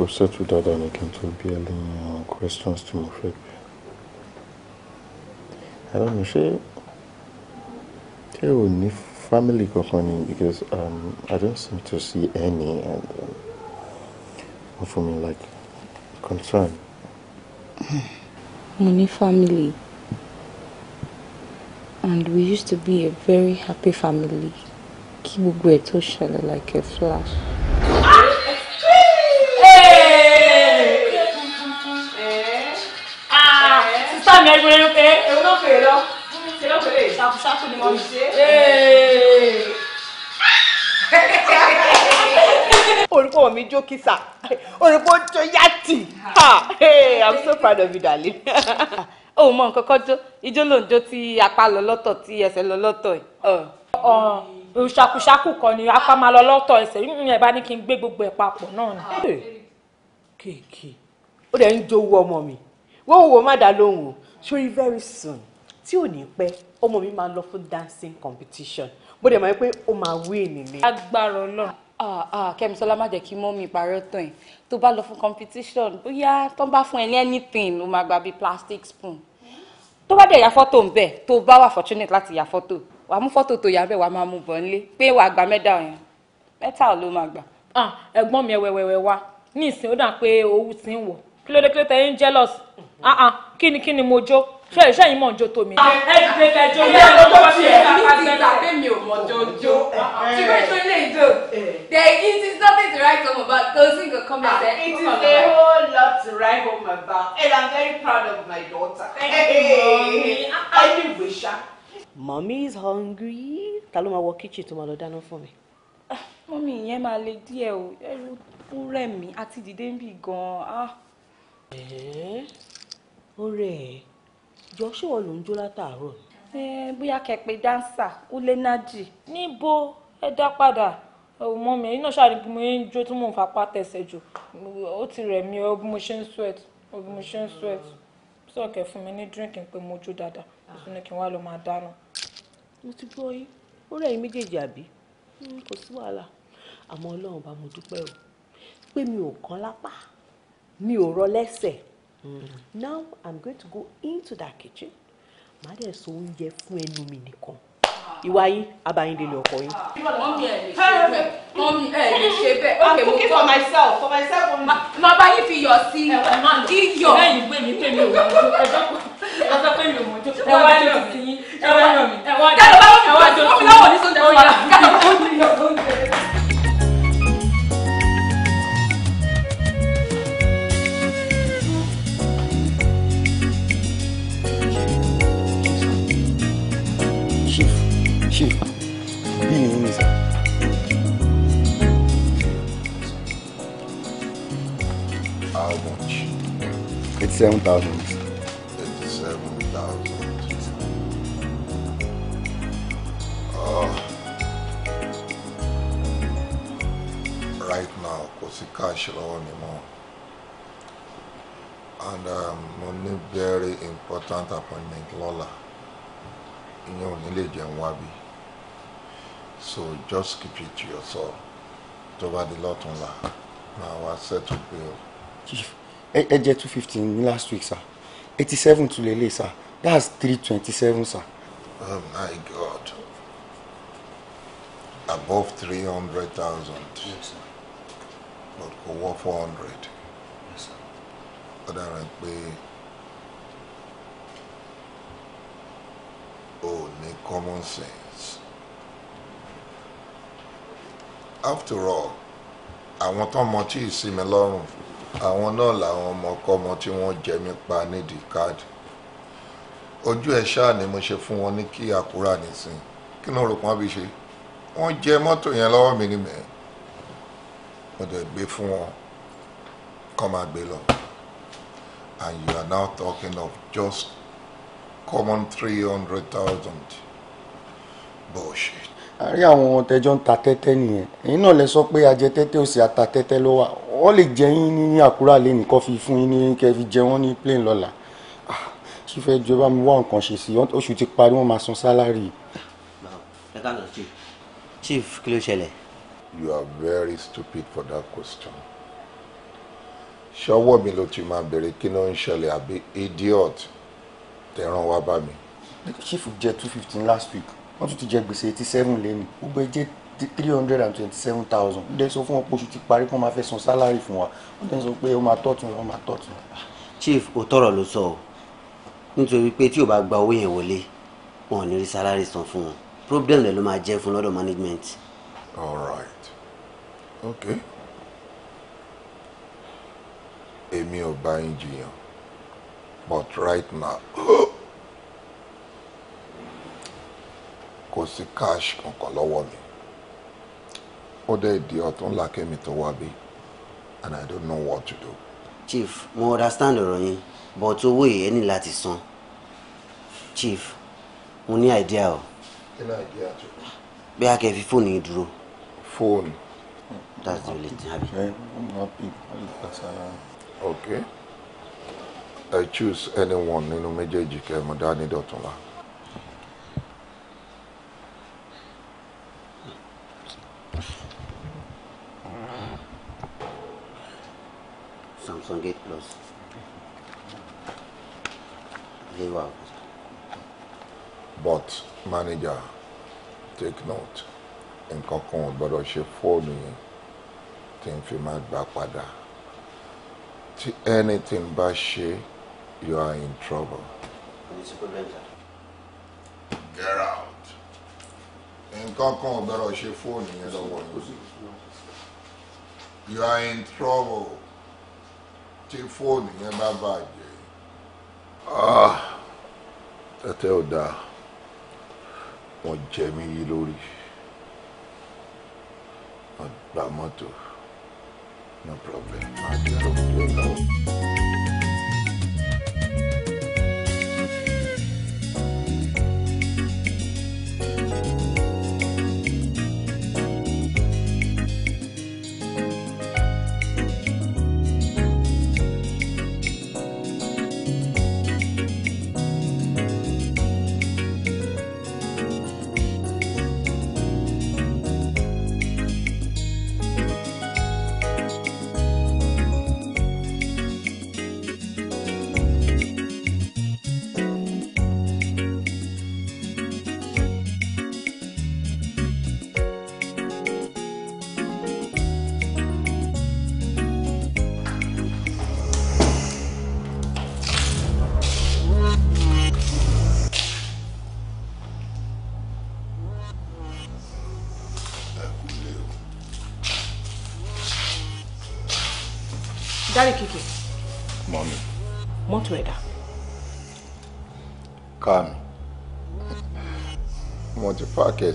kó sẹ́tù dáadáa ní kí n tó bí ẹ questions to my friend. I don't know she. ṣé o ní family kankan because um, I don't seem to see any and um, for me like concern. mo family and we used to be a very happy family kí gbogbo like a flash. mi ẹgbẹ́ ló pé. èmi ló fèrè lọ ṣe ló fèrè. sáfù sáfù ni wọ́n ṣe. orúkọ i'm so proud of you darling. Oh, mọ nǹkan kan jó ijó ló ń jó tí apá lọ lọ́tọ̀ tí ẹsẹ̀ lọ lọ́tọ̀ yìí ṣàkúṣàkù kan ni apá máa lọ lọ́tọ̀ ẹsẹ̀ yìnyín mm, ẹ̀ bá ní kí n gbé gbogbo ẹ̀ papọ̀ náà ni. Ah. kéèké ó dẹ̀ ń jowó ọmọ mi wọ́n wò má dá lóhùn o sórí very soon tí ò ní pẹ́ ọmọ mi máa lọ fún dancing competition bó dẹ̀ máa pé ó máa win Ah, ah, Ọlọ́run kẹ́misọ́lá má jẹ́ kí mọ́ mi parọ́ tán ẹ̀ To bá lọ fún competition bóyá tó bá fún ẹ ní anything ó máa gba bíi plastic spoon To bá dẹ̀ ya fọ́tò ń bẹ̀ tó bá fortunate láti ya fọ́tò wà á mú fọ́tò tó yà bẹ́ẹ̀ wà á máa mú bọ̀ nílé pé wà á gba mẹ́dà yẹn mẹ́ta Ah, máa gbà. ẹ̀gbọ́n mi ẹ̀wẹ̀wẹ̀wẹ̀ wa ní ìsìn ó dà pé owó ti ń wọ̀ kí ló dé kí ló jealous Ah ah, kini kini mo jó ṣe iṣẹ́ yìí mọ̀ ń jó tó ah, mi. ẹ ti dé kẹjọ ilé ọjọ́ tó ti ẹ̀ ní ti tàbí mi ò mọ̀ jọ jó ṣùgbọ́n ìṣó ilé ìjó there is nothing to write home about those things go come out. Ah, it oh, is a whole lot to write home about and I'm very proud of my daughter. anyway ṣá. Ah, mommy is hungry ta ló máa wọ kíchìn tó máa lọ dáná fún mi. mọ́mí ìyẹn máa le díẹ̀ o ẹrù ó rẹ̀ mí àti dìde ń gan-an. Eh ọ̀rẹ́ ẹ̀ jọ ṣé wọn ló ń jó látàárọ̀. ẹ bóyá kẹpẹ dáńsà kúlẹ nájì. níbo ẹ dá padà ọmọ mi iná ṣáà ni bí mo ń jó tí mò ń fapá tẹsẹ̀ jù ó ti rẹ̀ mí ọ bí mo ṣe ń sweat ọ bí mo ṣe ń sweat sọ̀kẹ́ fún mi ní dírìnkì pé mo jó dáadáa ìṣúná kí n wá lọ máa dáná. mo ti gbọ́ yín ó rẹ̀ yín méjèèjì àbí hmm, kò sí wàhálà àmọ́ ọlọ́run bá mo dúpẹ́ o pé mi ò kán lápá mi ò rọ lẹ́sẹ̀ now i'm going to go into that kitchen màá dẹ̀ so oúnjẹ fún ẹnu mi nìkan ìwà yín abayíndélé ọkọ yín. mọ́mí ẹ̀ lè ṣe bẹ́ẹ̀ mọ́mí ẹ̀ lè ṣe bẹ́ẹ̀ ok mo for myself for myself only. máa bá yín fi yọ̀ sí iyọ̀. bẹ́ẹ̀ ni gbẹ̀mí gbẹ̀mí òun ọjọ́ ọjọ́ pé mi ò mọ̀ ọjọ́ pé wọ́n á yọ̀ sí yín ẹ wá yọ̀ mí. ẹ wá jọ ẹ wá jọ sí mi ó yà. seven thousand. thirty oh. right now kò sí cash lọ́wọ́ mi mọ́ and um, mo um, ní very important appointment Lola. You ò ní lè jẹun so just keep it to yourself tó bá di lọ́túnla máa wá settle bill ẹ jẹ́ two fifty ní last week sir eighty seven tún lè lè sir that's three twenty seven sir. oh my god above three hundred thousand but kò wọ́ four hundred ó dára pé ó ní common sense after all àwọn tó mọ tí ì sí lọ́rùn fún àwọn náà làwọn ọmọkọ́mọ tí wọ́n jẹ mí pa nídìí káàdì ojú ẹ̀ ṣáà ni mo ṣe fún wọn ní kí àkúrà nìsín kí ló rò bí ṣe wọ́n jẹ mọ́tò yẹn lọ́wọ́ mi nímẹ̀ mo dẹ̀ gbé fún wọn kọ́ máa gbé lọ and you are now talking of just common three hundred thousand bullshit. àárín àwọn tẹjọ ń ta tẹ́tẹ́ nìyẹn èyí náà lè sọ pé ajẹ tẹ́tẹ́ ò sí ata tẹ́tẹ́ ló wà wọ́n lè jẹ yín ní àkúrà lẹ́nu kọ́ fi fún yín ní kẹ́ fi jẹ wọ́n ní plane lọ́la ah, ṣífẹ́ jọ bá mi wá nǹkan ṣe sí oṣù ti parí wọ́n máa san sálárì. chief kí ló ṣẹlẹ̀. you are very stupid for that question. ṣọwọ́ mi ló ti máa bèrè kí ló ń ṣẹlẹ̀ àbí idiot tẹ̀ràn wá bá mi. chief jẹ two fifteen last week wọ́n tún ti jẹ gbèsè eighty seven lẹ́nu gbogbo ẹ jẹ́ three hundred and twenty seven thousand ti parí kí wọ́n máa san sálárì fún wa ó dẹ̀ sọ pé ó máa tọ̀tún ó máa tọ̀tún. chief ò tọrọ ló sọ o nítorí pé tí ò bá gba owó yẹn wọlé wọn ò ní rí san fún wọn problem rẹ ló máa jẹ fún lọ́dọ̀ management. all right okay èmi ò bá yín jiyàn but right now kò sí cash kankan lọ́wọ́ mi ó dẹ̀ di ọ̀tún lákẹ́mi tó wá bí and i don't know what to do. chief mo understand ọ̀rọ̀ yín but owó yìí ẹ ní láti san chief mo ní idea o. kí idea tó. bí a kẹ́ fi fóònù yìí dúró. fóònù. that's the only thing abi. okay i choose anyone nínú méjèèjì kẹ́ mo dá ní dọ̀tún la. Samsung 8 Plus. Leave But manager, take note. In kan ò she ṣe fóònù yẹn tí n fi máa anything bá she, you are in trouble. Get out. In kan ò she ṣe fóònù You are in trouble tí fóònù yẹn bá bàjẹ́. Ah, tẹ́tẹ́ ò dáa wọ́n jẹ mí yí lórí wọ́n gba mọ́tò no problem. No problem.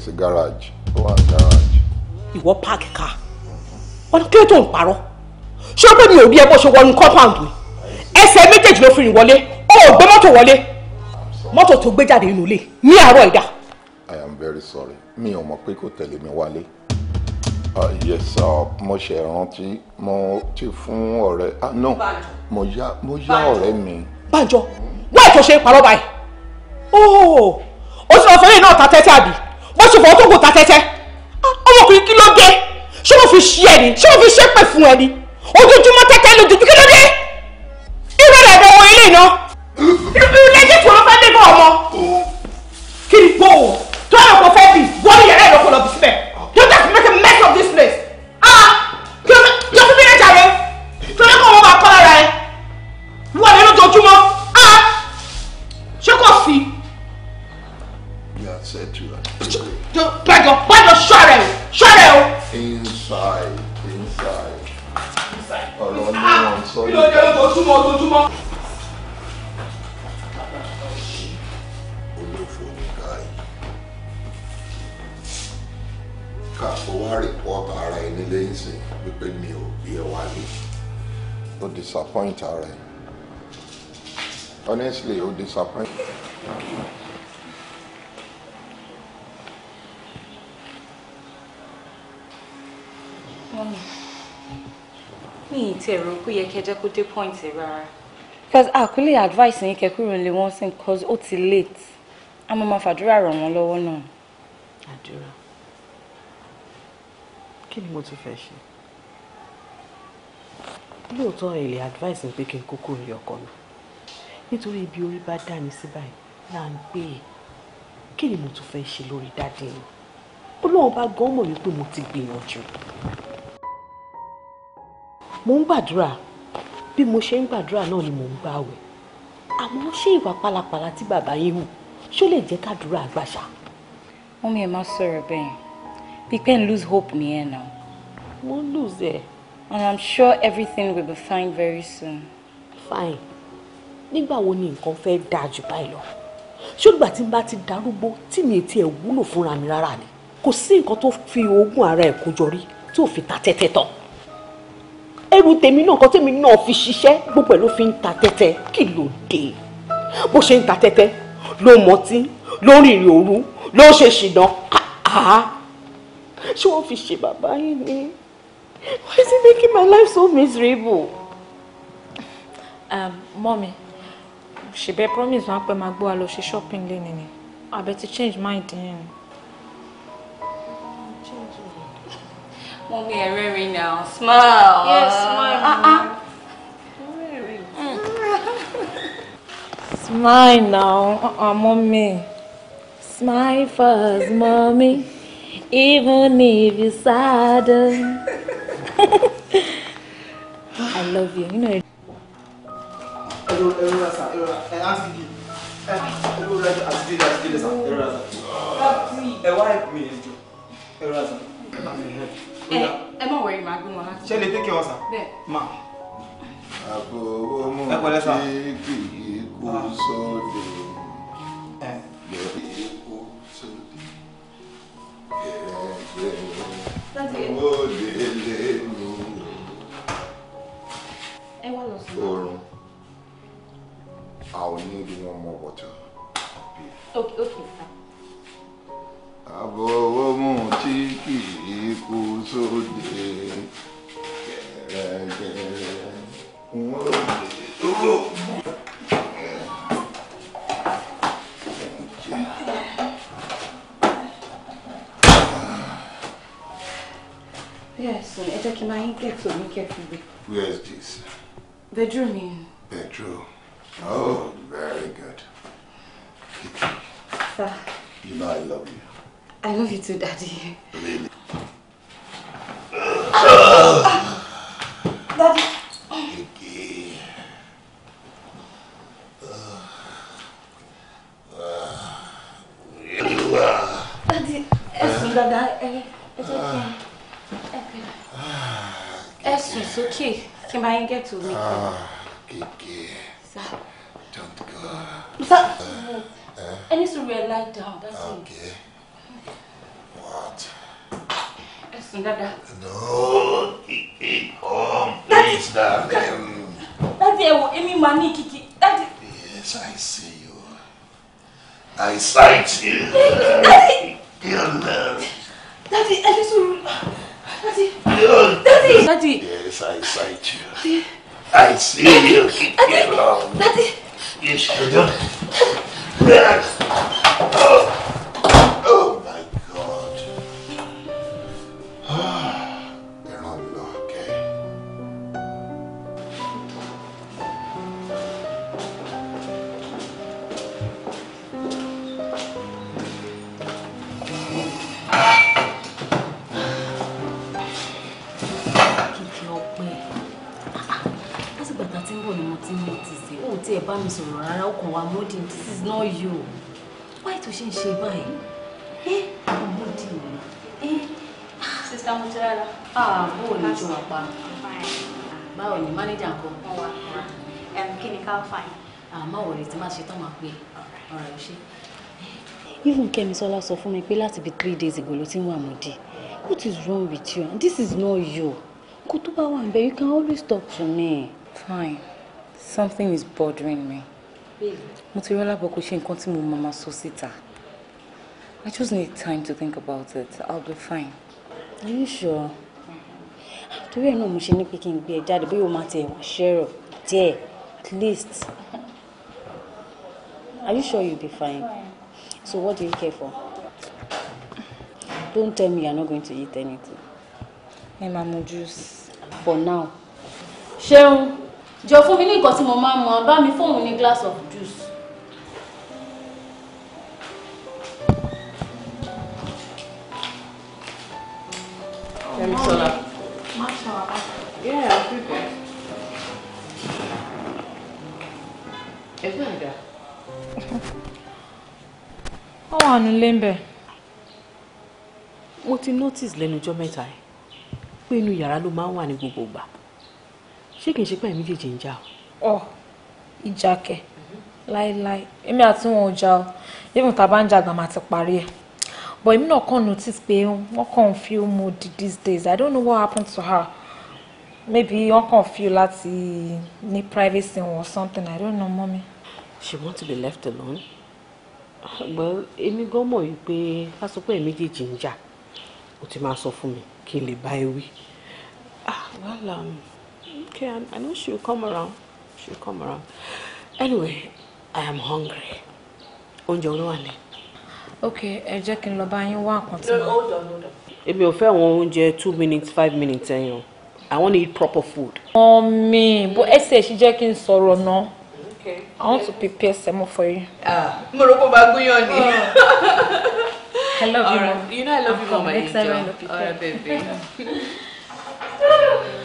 sí garage ó wà ní garage. ìwọ park car ọdún kí ló tó ń parọ́ ṣé ó pé mi ò rí ẹ ṣe wọnú compound mi ẹsẹ̀ méjèèjì ló fi rìn wọlé ó ò gbé mọ́tò wọlé mọ́tò tó gbé jáde inú ilé ní àárọ̀ ìdá. I am very sorry mi ò mọ̀ pé kò tẹ̀lé mi wálé ah, yes mo ṣe rántí mo ti fún ọ̀rẹ́ ah no mo yá mo yá ọ̀rẹ́ mi. Banjo. wọ́n ètò ṣe parọ́ báyìí ó ó sì lọ fẹ́rẹ̀ náà ta tẹ́tẹ́ àbí bó ṣe bọ̀ tó kò ta tẹ́tẹ́ ah, ọmọkùnrin kí ló dé ṣé wọ́n fi ṣí ẹ ni ṣé wọ́n fi ṣépè fún ẹ ni ojoojúmọ́ tẹ́tẹ́ lójoojú kí ló dé. disappoint. mi ì tiẹ̀ rò pé yẹ kí ẹ jẹ́ kó because it's kò lè late a máa ma fàdúrà ràn wọ́n lọ́wọ́ náà. àdúrà kí ni mo tún fẹ́ You lóòótọ́ èlé advice ń pé kí n kúkú rí nítorí ibi orí bá dà ní sí báyìí là ń gbé e kí ni mo tún fẹ́ ṣe lórí dáadé mi Ọlọ́run bá gan mọ̀ wípé mo ti gbìyànjú mo ń gbàdúrà bí mo ṣe ń gbàdúrà náà ni mo ń gbààwẹ̀ àmọ́ ṣé ìwà pálapàla tí bàbá yín hù ṣó lè jẹ́ kádùúrà àgbàṣà. mọ́mí ẹ̀ má sọ̀rọ̀ bẹ́ẹ̀ bí pé lose hope nìyẹn náà. mo lose ẹ. and i'm sure everything will be fine very soon. fine nígbà wo ni nǹkan fẹ́ dáa jù báyìí lọ ṣùgbà tí n bá ti darúgbó tí mi ti ẹ̀ wúlò fúnra mi rárá ni kò sí nǹkan tó fi oògùn ara ẹ̀ kó jọrí tí ò fi ta tẹ́tẹ́ tán ẹrù tèmi náà nǹkan tèmi náà fi ṣiṣẹ́ gbogbo ẹ̀ ló fi ń ta tẹ́tẹ́ kí ló dé bó ṣe ń ta tẹ́tẹ́ ló mọtí ló rìnrìn òru ló ṣe ṣìnà ṣé wọ́n fi ṣe bàbá yín ni why is it making my life so miserable. Um, mommy She be promise wọn pé máa gbọ́ wa lọ ṣe shopping lẹ́nu ni abẹ ti change my thing. Mommy, I'm ready now. Smile. Yes, smile. Uh-uh. Smile now, uh-uh, mommy. Smile first, mommy. Even if you're sad. I love you. You know ẹ̀rọ ẹ̀rọ rẹ̀ sà ẹ̀rọ ẹ̀ àti gidi ẹ̀rọ rẹ̀ àti gidi àti gidi sà ẹ̀rọ rẹ̀ sà. ẹ wá ẹ̀kú mi ẹ̀jọ ẹ̀rọ rẹ̀ sà. ẹ mọ̀ wẹ̀rì màá gbé wọn láti. ṣé lè tẹ́kẹ̀ wọn sà. bẹ́ẹ̀ ma. àbòwò mú kí kìkú ah. sóde. kìkú eh. sóde. kẹ̀kẹ́ ó lè lé mi. ẹ wá lọ sí. oorun. I'll need one more bottle. Okay, okay, fine. Àbọ̀wọ́ mú tí kì í kú sóde gẹ̀rẹ́gẹ̀rẹ́ wọ́n lè lówó. Yes, ẹ jẹ́ kí n máa ń kẹ́tù mi kẹ́tù gbé. Where is this? Bedroom mi. Bedroom. Oh, very good. Sir. You know I love you. I love you too, Daddy. Really? Daddy. Kiki. Uh, uh, you are. Daddy, Ẹ̀sùn dada, ẹ ẹ jẹ́ kí ẹ pẹ̀lú. Ẹ̀sùn sókè kí n bá yín gẹ̀ tó Kiki. Don't go. Sir, uh, uh, I need to lie down. That's okay. it. Okay. What? Listen, Dada. No, it home. Please, darling. Daddy, I will aim money, Kiki. Daddy. Yes, I see you. I sight you. Daddy. Your love. Daddy, I need to. Daddy. Daddy. Daddy. Yes, I sight you. Daddy. I see you, Nothing. You should. Daddy. Oh. mi sọ̀rọ̀ rárá ó kàn wá this is not you why tó ṣe ń ṣe báyìí ẹ eh? àwọn mọ́dì ẹ. Eh? sista mutirala. ah bó o ní ju àpá báwo ni mánéjà kọ. kí ni ká fà yín. àmọ́ ah, òòrè tí máa ṣe tán máa pè ọ̀rọ̀ ẹ̀ ṣe. even Kẹ́misọ́lá sọ fún mi pé láti bí three days ago ló ti ń wà mọ́dì what is wrong with you this is not you kó tó bá wà ń bẹ you can always talk to me. fine something is bothering me. mo ti rí alábọ̀kú ṣe nǹkan tí mo máa ma sọ síta. I just need time to think about it. I'll be fine. Are you sure? Ah, torí ẹ̀ náà mo ṣe ní pé kí n gbé ẹ jáde bí o máa tẹ̀ wá ṣẹ́rọ̀ díẹ̀ at least. Are you sure you'll be fine? So what do you care for? Don't tell me you're not going to eat anything. Ẹ máa mu juice. For now. Ṣeun jọ fún mi ní nǹkan tí mo máa ń mu bá mi fóun ní glass of juice. Kemisola. Yeah, I feel good. Ẹgbẹ́ ẹ̀dá. Ó wà nílé ń bẹ̀. Mo ti notice lẹ́nu ọjọ́ mẹ́ta ẹ̀ pé inú yàrá ló máa ń wà ní gbogbo ìgbà ṣé kì í ṣe pé ẹ̀mí jèjì ń jà o. ọ ìjà kẹ láéláé èmi àti wọn ò jà o even tá a bá ń jà gbàmà ti parí ẹ but èmi náà kàn notice pé wọn kàn ń feel mood these days i don't know what happened to her maybe wọn kàn feel láti ní privacy or something i don't know mommy. she want to be left alone well èmi gan mọ̀ yìí pé ká sọ pé ẹ̀mí jèjì ń jà o ti máa sọ fún mi kí n lè bá ẹ wí. ah well um, okay. I, I know she'll come around. She'll come around. Anyway, I am hungry. Oúnjẹ olówó Okay, ẹ jẹ́ kí n lọ bá yín wá nǹkan tí mo. No, hold on, hold on. Èmi ò fẹ́ àwọn two minutes five minutes ẹ̀yàn. I want to eat proper food. Mommy, but I say jẹ́ kí sorrow sọ̀rọ̀ Okay. I want to prepare some more for you. Ah, mo rò pé o I love All you, right. You know I love I'm you, mom. Next time I love you. All right, baby.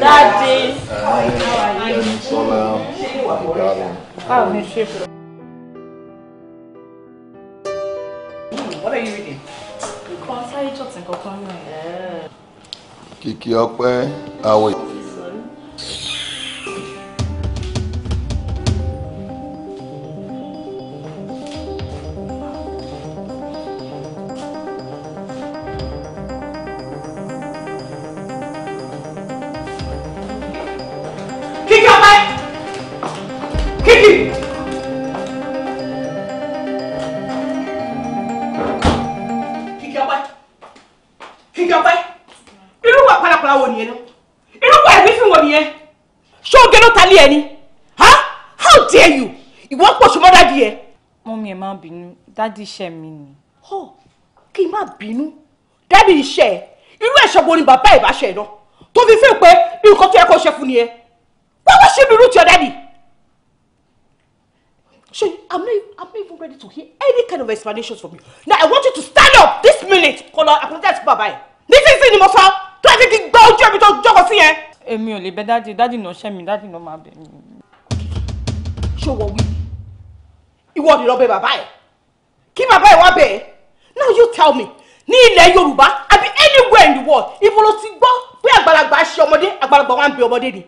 Daddy. Báwo ni ṣe? What are you reading? Nǹkan sáré jọ̀tí náà. Kìkì ọpẹ́ àwẹ̀. dádì iṣẹ́ mi ni. ọ kí n má bínú dádì iṣẹ́ ẹ irú ẹ̀ṣẹ̀ wo ni bàbá ẹ̀ bá ṣe náà tó fi fẹ́ pé nǹkan tó yẹ kó ṣe fún ni ẹ wọ́n wá ṣe mi rú ti ọ dádì. Shey, I'm not, I'm not even ready to hear any kind of explanations from you. Now I want you to stand up this minute. Kọ́lá apologize fún bàbá yẹn. Nísinsìnyí ni mo sọ, tó ẹ fi kí gbá ojú ẹbí tó jókòó sí yẹn. Èmi ò lè bẹ dáàdì, dáàdì náà ṣẹ́ mi, dáàdì náà máa bẹ̀ mí. Ṣé wọ́n wí? Ìwọ ni lọ bẹ bàbá yẹn kí bàbá ẹ̀ wá bẹ̀ now you tell me ní ilẹ̀ yorùbá àbí anywhere in the world ibo ló ti gbọ́ pé àgbàlagbà ṣe ọmọdé àgbàlagbà wá ń bẹ ọmọdé ni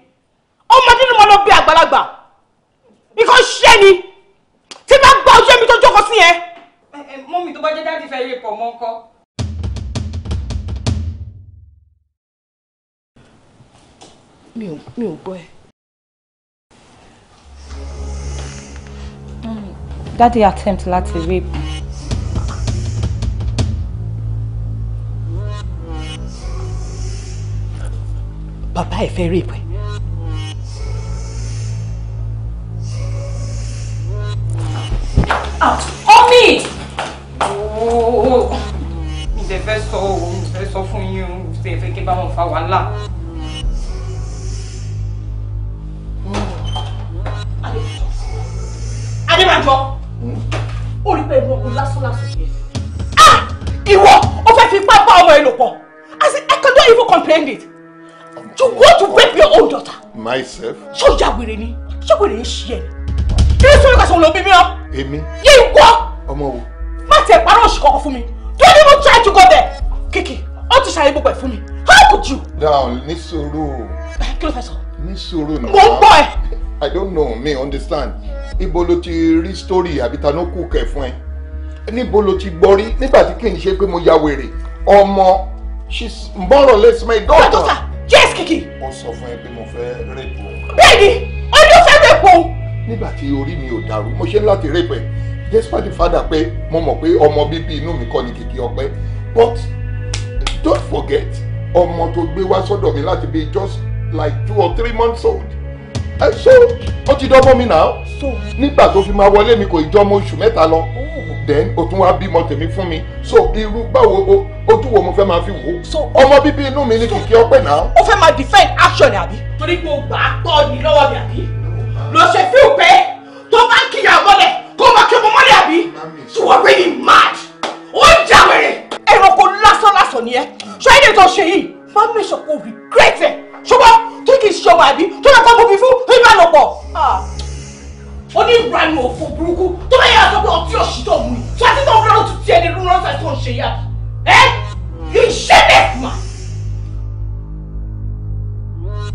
ọmọdé ni mo lọ bẹ àgbàlagbà because ṣé ni tí bá gba ojú ẹ̀mí tó jókòó sí yẹn. mọ́mí tó bá jẹ́ dáàdì fẹ́ rí pọ̀ mọ́ kọ́. mi ò mi ò gbọ́ ẹ. mọ́mí attempt láti rape bàbá ẹ̀ fẹ́ rèpẹ́. ọmí mi lè fẹ́ sọ òun fẹ́ sọ fún yín òun ṣe é fẹ́ kí bá wọn fa wàhálà. Hmm. adébàjọ ó hmm? rí pé ìwọ kò lásán lásán yẹn. Ah! ìwọ o fẹ́ fi ipá bá ọmọ ẹ lò pọ̀ as in I can don't even comprehend it. You want to rape your own daughter? Myself? Ṣó ya wèrè ni? Ṣé wèrè ń ṣe ẹ̀? Kí ló sọ̀rọ̀ kàṣọ̀ ló bí mi ọ́? Èmi. Yé ìwọ. Ọmọ wo? Má tẹ̀ parọ́ òṣì kankan fún mi. Don't even try to go there. Kiki, ó ti ṣàyẹ̀ gbogbo ẹ̀ fún mi. How could you? Down ní sòrò. Eh, kí ló fẹ́ sọ? Ní sòrò Mo ń gbọ́ I don't know me understand. Ibo ló ti rí story àbí ta ló kù kẹ̀ fún ẹ? Níbo ló ti gbọ́ rí nígbà tí kì mo ya wèrè? Ọmọ she's more or less my daughter yes Kiki. mo sọ fún ẹ pé mo fẹ́ rẹ́pù òun. bẹ́ẹ̀ni ó ní ó fẹ́ rẹ́pù òun. nígbà tí orí mi ò dàrú mo ṣe láti rẹ́pù ẹ despite the fact pé mo mọ̀ pé ọmọ bíbí inú mi kọ́ ni Kiki Ọpẹ́ but don't forget ọmọ tó gbé wá sọ́dọ̀ mi láti bí just like two or three months old ẹ so ó ti dọ́gbọ́n mi náà nígbà tó fi máa wọlé mi kò ì jọmọ oṣù mẹ́ta lọ oh. then o tún wá bímọ tèmi fún mi so irú báwo o tún wo mo fẹ́ máa fi wò ó ọmọ bíbí inú mi ni kìkì ọpẹ náà. ó fẹ́ máa defend action ni àbí. torí pé o gbà á tọ́ ni lọ́wọ́ mi àbí lọ ṣe fíìmù pé tó bá kíyà mọ́lẹ̀ kó máa kí ọmọ mọ́lẹ̀ àbí tí wọ́n rí ni mad ó ń jà wẹ̀rẹ̀. ẹranko lásán lásán ni ẹ ṣé ilé tó ṣe yìí má mẹ́sàn kó regret ẹ̀ ṣùgbọ́n tó kì í ṣe ọmọ àbí tó lọ kọ́ mú mi fún ìgbà lọ́pọ̀. Ah. ó ní ìranu òfò burúkú tó bá yà sọ pé ọtí òṣì tó mú mi tó àti tó ń rán oṣù tí ẹni rún ránṣẹ́ tó ń ṣe yá. ẹ you shameless man. Mm-hmm.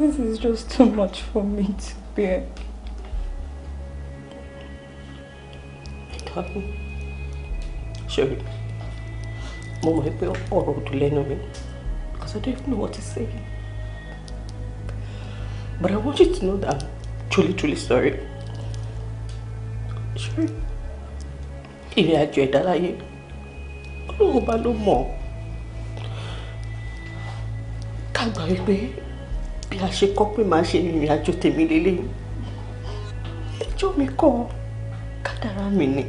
this is just too much for me to bear. Ìdààmú, Mama, mo mọ̀ all ọ̀rọ̀ òdù lẹ́nu me, because I don't even know what to say. But I want you to know that I'm truly, truly sorry. Ṣeré, ìrìn àjò ẹ̀dá láyé, olóhùn bá ló no more. Can't gbà me àṣekọ́ pé màá ṣe ìrìn àjò tèmi lélẹ̀ ẹjọ́ mi kọ́ kádàrá mi ni.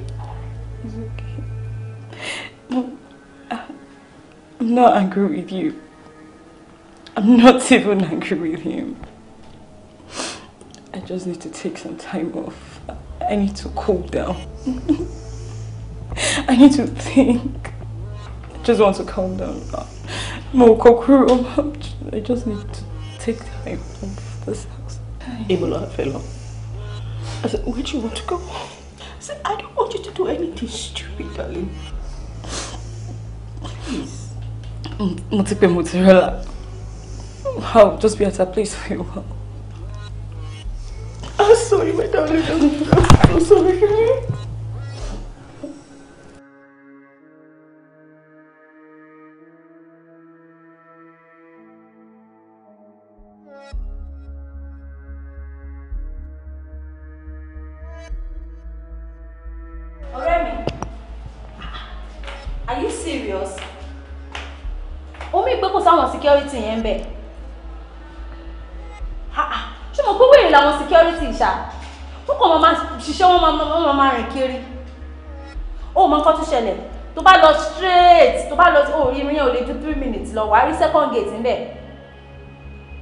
I'm not angry with you. I'm not even angry with him. I just need to take some time off. I need to cool down. I need to think. I just want to calm down. More I just need to take I move this house. Ebola fell off. I said, where do you want to go? I said, I don't want you to do anything stupid, darling. Please. multiple Mozzarella. I'll just be at a place for you. while. I'm sorry, my darling. I'm so sorry. serious? omi ìpé kò sáwọn security yẹn bẹ̀ ṣé mo pé wèrè làwọn security sha? ṣá wọn kàn máa ṣiṣẹ́ wọn máa rìn kiri ó mọ nǹkan tó ṣẹlẹ̀ To bá lọ straight To bá lọ ó rí irin yẹn ò lè ju three minutes lọ wàá rí second gate ńbẹ̀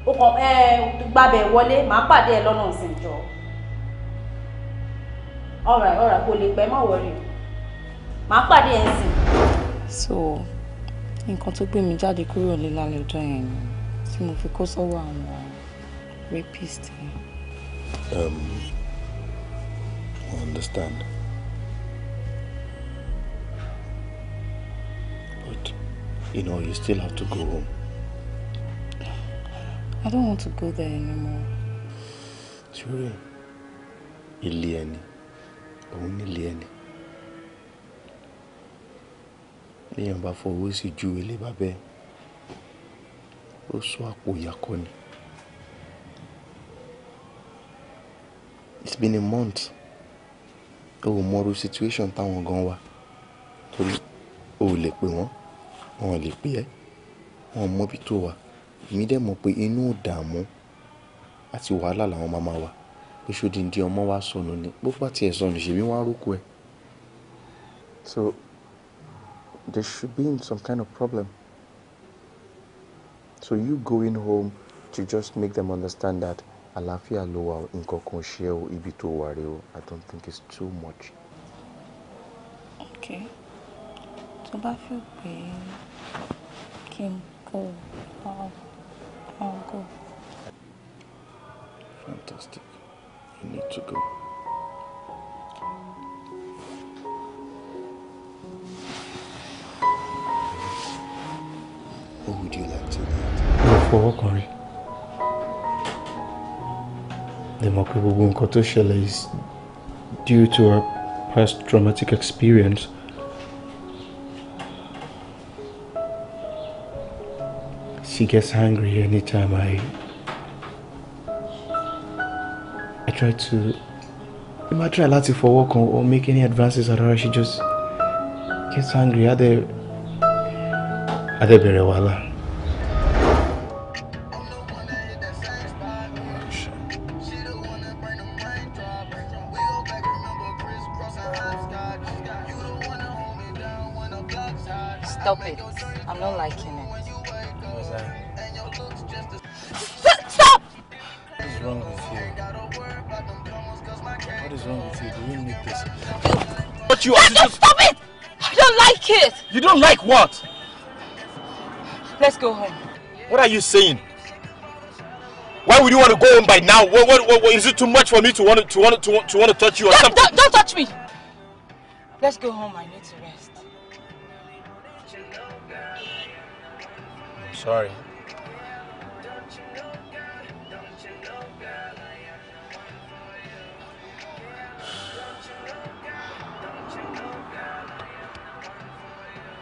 ó kàn gbàbẹ̀ wọlé màá pàdé ẹ lọ́nà ọ̀sìn jọ alright alright kò lè pẹ́ má worry. màá pàdé ẹ sìn so nǹkan tó gbé mi jáde kúrò lé lálẹ́ ọjọ́ yẹn ni tí mo fi kó sọ́wọ́ àwọn rapist Um, I understand. But, you know, you still have to go home. I don't want to go there anymore. Sure. Ilé only Òun tí bá fọwọ́ sí ju eléyìí bá bẹ́ẹ̀, ó sọ àpò ìyàkọ́ ni. It's been a month. O ò mọrú situation táwọn gan wà torí o ò lè pè wọ́n, wọ́n ò lè pè ẹ́, wọ́n ò mọ ibi tó wà. Èmi dẹ̀ mọ̀ pé inú ìdààmú àti wàhálà làwọn máa ma wà. Pé ṣódindi ọmọ wa sọnù ni, bó bá ti ẹ̀ sọnù ṣèbí wọ́n á So. There should be some kind of problem. So you going home to just make them understand that àlàáfíà ló wà nǹkan kan ṣe o ibi tó I don't think it's too much. Okay So bá fi pé kí go I'll, I'll go. Fantastic you need to go. What would you like to eat? Mo fọwọ́ kan rí. Dẹ̀ mọ̀ pé is due to her past traumatic experience. She gets angry anytime I I try to if I try láti for work or make any advances at her she just gets angry at the adẹ́bẹ̀rẹ̀ wàhálà. you saying? Why would you want to go home by now? What, what, what, what is it too much for me to want to, to want to, to want to touch you or don't, something? Don't, don't touch me. Let's go home. I need to rest. I'm Sorry.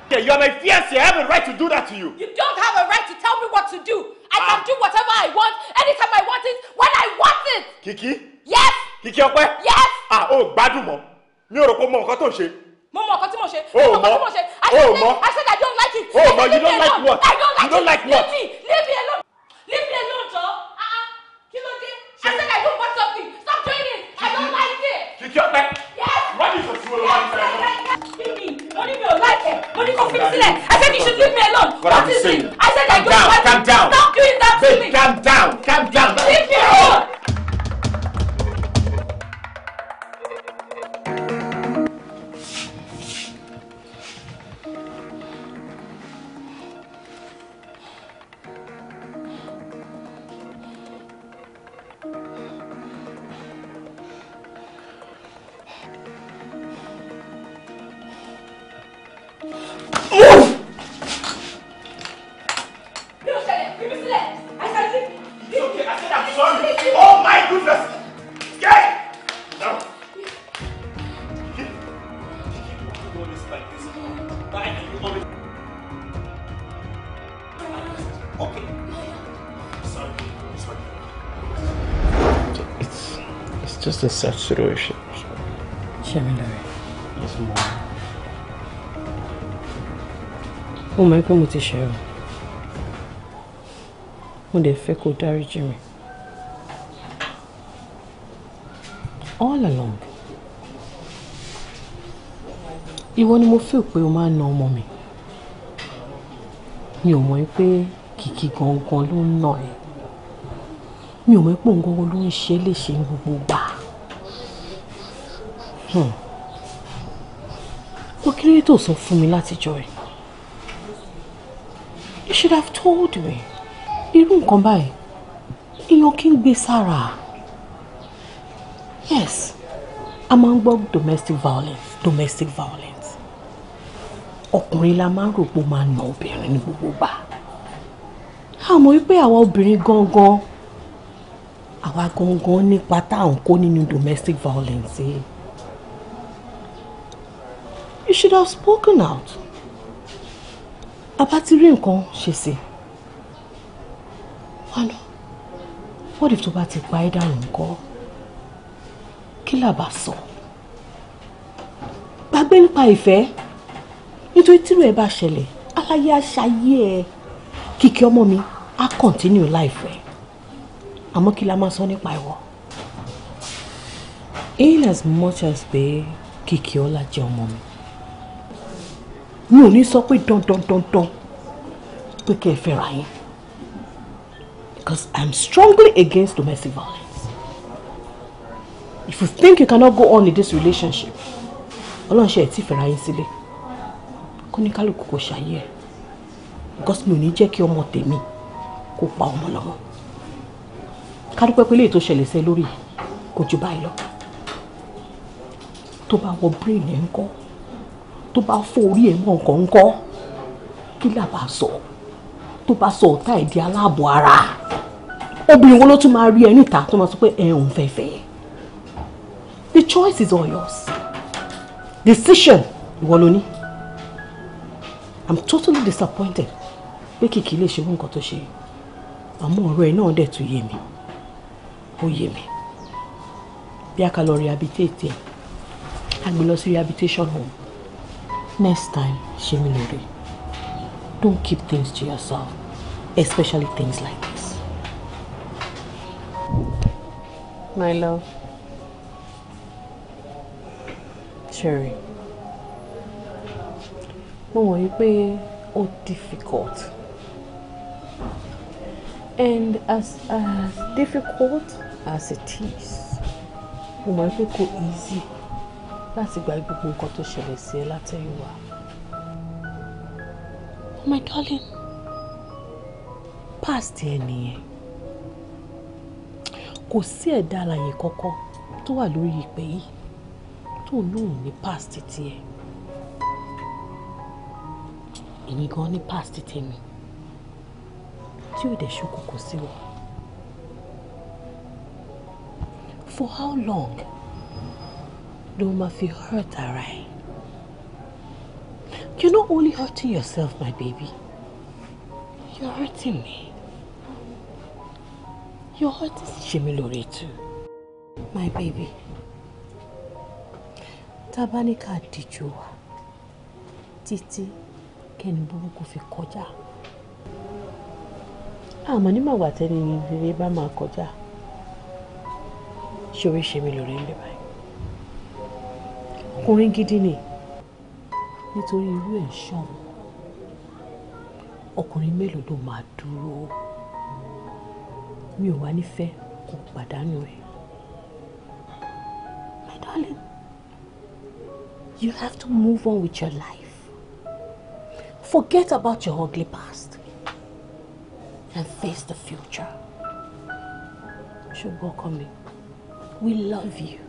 Yeah, you are my fiance. I have a right to do that to you. You don't have a right to tell me what to do. I ah. can do whatever I want, anytime I want it, when I want it. Kiki? Yes. Kiki Ọpẹ? Yes. Ah, oh, gbádùn mọ́. Mi ò rò pé mo nǹkan tó ń ṣe. Mo mọ nǹkan tí mo ṣe. Mo mo I said, oh, mo. I said I don't like it. Oh, mo, you don't like what? I don't like you don't like what? Leave me. Leave me alone. Leave me alone, Joe. Uh ah. Kí ló I said I don't want something. Stop doing it. I don't like it. Kiki Ọpẹ? Yes. What is you pursue a lot of people? Give me. Money ní mi ò láìpẹ́ mo ní kò I said you should leave me alone what is it I said I don't want you stop doing that to me calm down calm down leave me alone. just in situation. Ṣẹ́milọ́rẹ̀. Yes, mo. Mo mọ̀ pé mo ti ṣẹ̀ ọ́. Mo dẹ̀ fẹ́ kó dáríjì All along, you want to feel pé o máa normal me. You want to be mọ̀ pé kìkì gangan ló ń nà ẹ́. Mi ò mọ̀ pé òun gangan ló ń ṣe ló sọ fún mi látijọ́ ẹ̀ you should have told me irú nǹkan báyìí èèyàn kì í gbé sára yes a máa ń gbọ́ domestic violence domestic violence ọkùnrin la máa ń rò pé ó máa nà obìnrin ní gbogbo gbà a mọ̀ wípé àwa obìnrin gangan àwa gangan nípa tá à ń kó nínú domestic violence yìí should have spoken out. Àbá ti rí nǹkan ṣe sí. Wọ́n wọ́n dìbò tó bá ti pa ẹ́ dànù nǹkan. Kí làbá sọ? Gbàgbé nípa ìfẹ́. Nítorí tírú ẹ bá ṣẹlẹ̀, aláyé aṣáyé ẹ. Kìkì ọmọ mi á continue life ẹ. Àmọ́ kí la máa sọ nípa In as much as pé Kìkì ọlá jẹ́ ọmọ mi mi ò ní sọ pé dandan dandan pé kẹ́ ẹ fẹ́ra yín because I'm strongly against domestic violence if you think you cannot go on in this relationship ọlọ́run ṣe ẹ̀ tí fẹ́ra yín sílẹ̀ kó ní kálukú kò ṣàyè ẹ̀ because mi ò ní jẹ́ kí ọmọ tèmi kó pa ọmọ lọ́mọ kádúpẹ́ pé léyìí tó ṣẹlẹ̀ sẹ́ lórí kò jù báyìí lọ tó bá wọ brain ẹ̀ ń kọ́ tó bá fọ orí ẹ̀ mọ́ nǹkan kí là bá sọ tó bá sọ ọ̀tá ẹ̀ di aláàbọ̀ ara obìnrin wo ló tún máa rí ẹ níta tó máa sọ pé ẹ òun fẹ́ fẹ́ the choice is all yours decision ìwọ ló ní i'm totally disappointed pé kìkì lè ṣe nǹkan tó ṣe àmọ́ ọ̀rọ̀ ẹ náà dẹ̀ tún yé mi ó yé mi bí a kà lọ rehabilitate ẹ a gbé lọ sí rehabilitation home Next time, Shimilori, don't keep things to yourself, especially things like this. My love, Cherry, no, mọ̀ wípé all difficult and as as difficult as it is mo might be kò easy láti gba gbogbo nǹkan tó ṣẹlẹ̀ sí ẹ látẹ̀yìnwá. Oh, my darling past ẹ nìyẹn kò sí ẹ̀dá alàyè kankan tó wà lórí ìpè yìí tó lóun ní past tiẹ̀ èyí gan ní past tèmi tí ò dẹ̀ ṣokùnkùn sí wa. for how long? Don't máa fi hurt alright? You're not only hurting yourself, my baby. You're hurting me. You're hurting Jimmy ṣe too. My baby. Tábánikà dìjú wa títí kẹ́ni burúkú fi kọjá. Àmọ́ nígbàgbà tẹ́ni rere bá máa kọjá. Ṣé orí ṣe mí lóore ń bẹ̀ ọkùnrin gidi ni nítorí irú ẹ̀ ṣọ́n ọkùnrin mélòó ló máa dúró mi ò wá nífẹ̀ẹ́ kó pàdánù ẹ̀. My darling, you have to move on with your life. Forget about your ugly past and face the future. Ṣùgbọ́n ọkọ mi, we love you.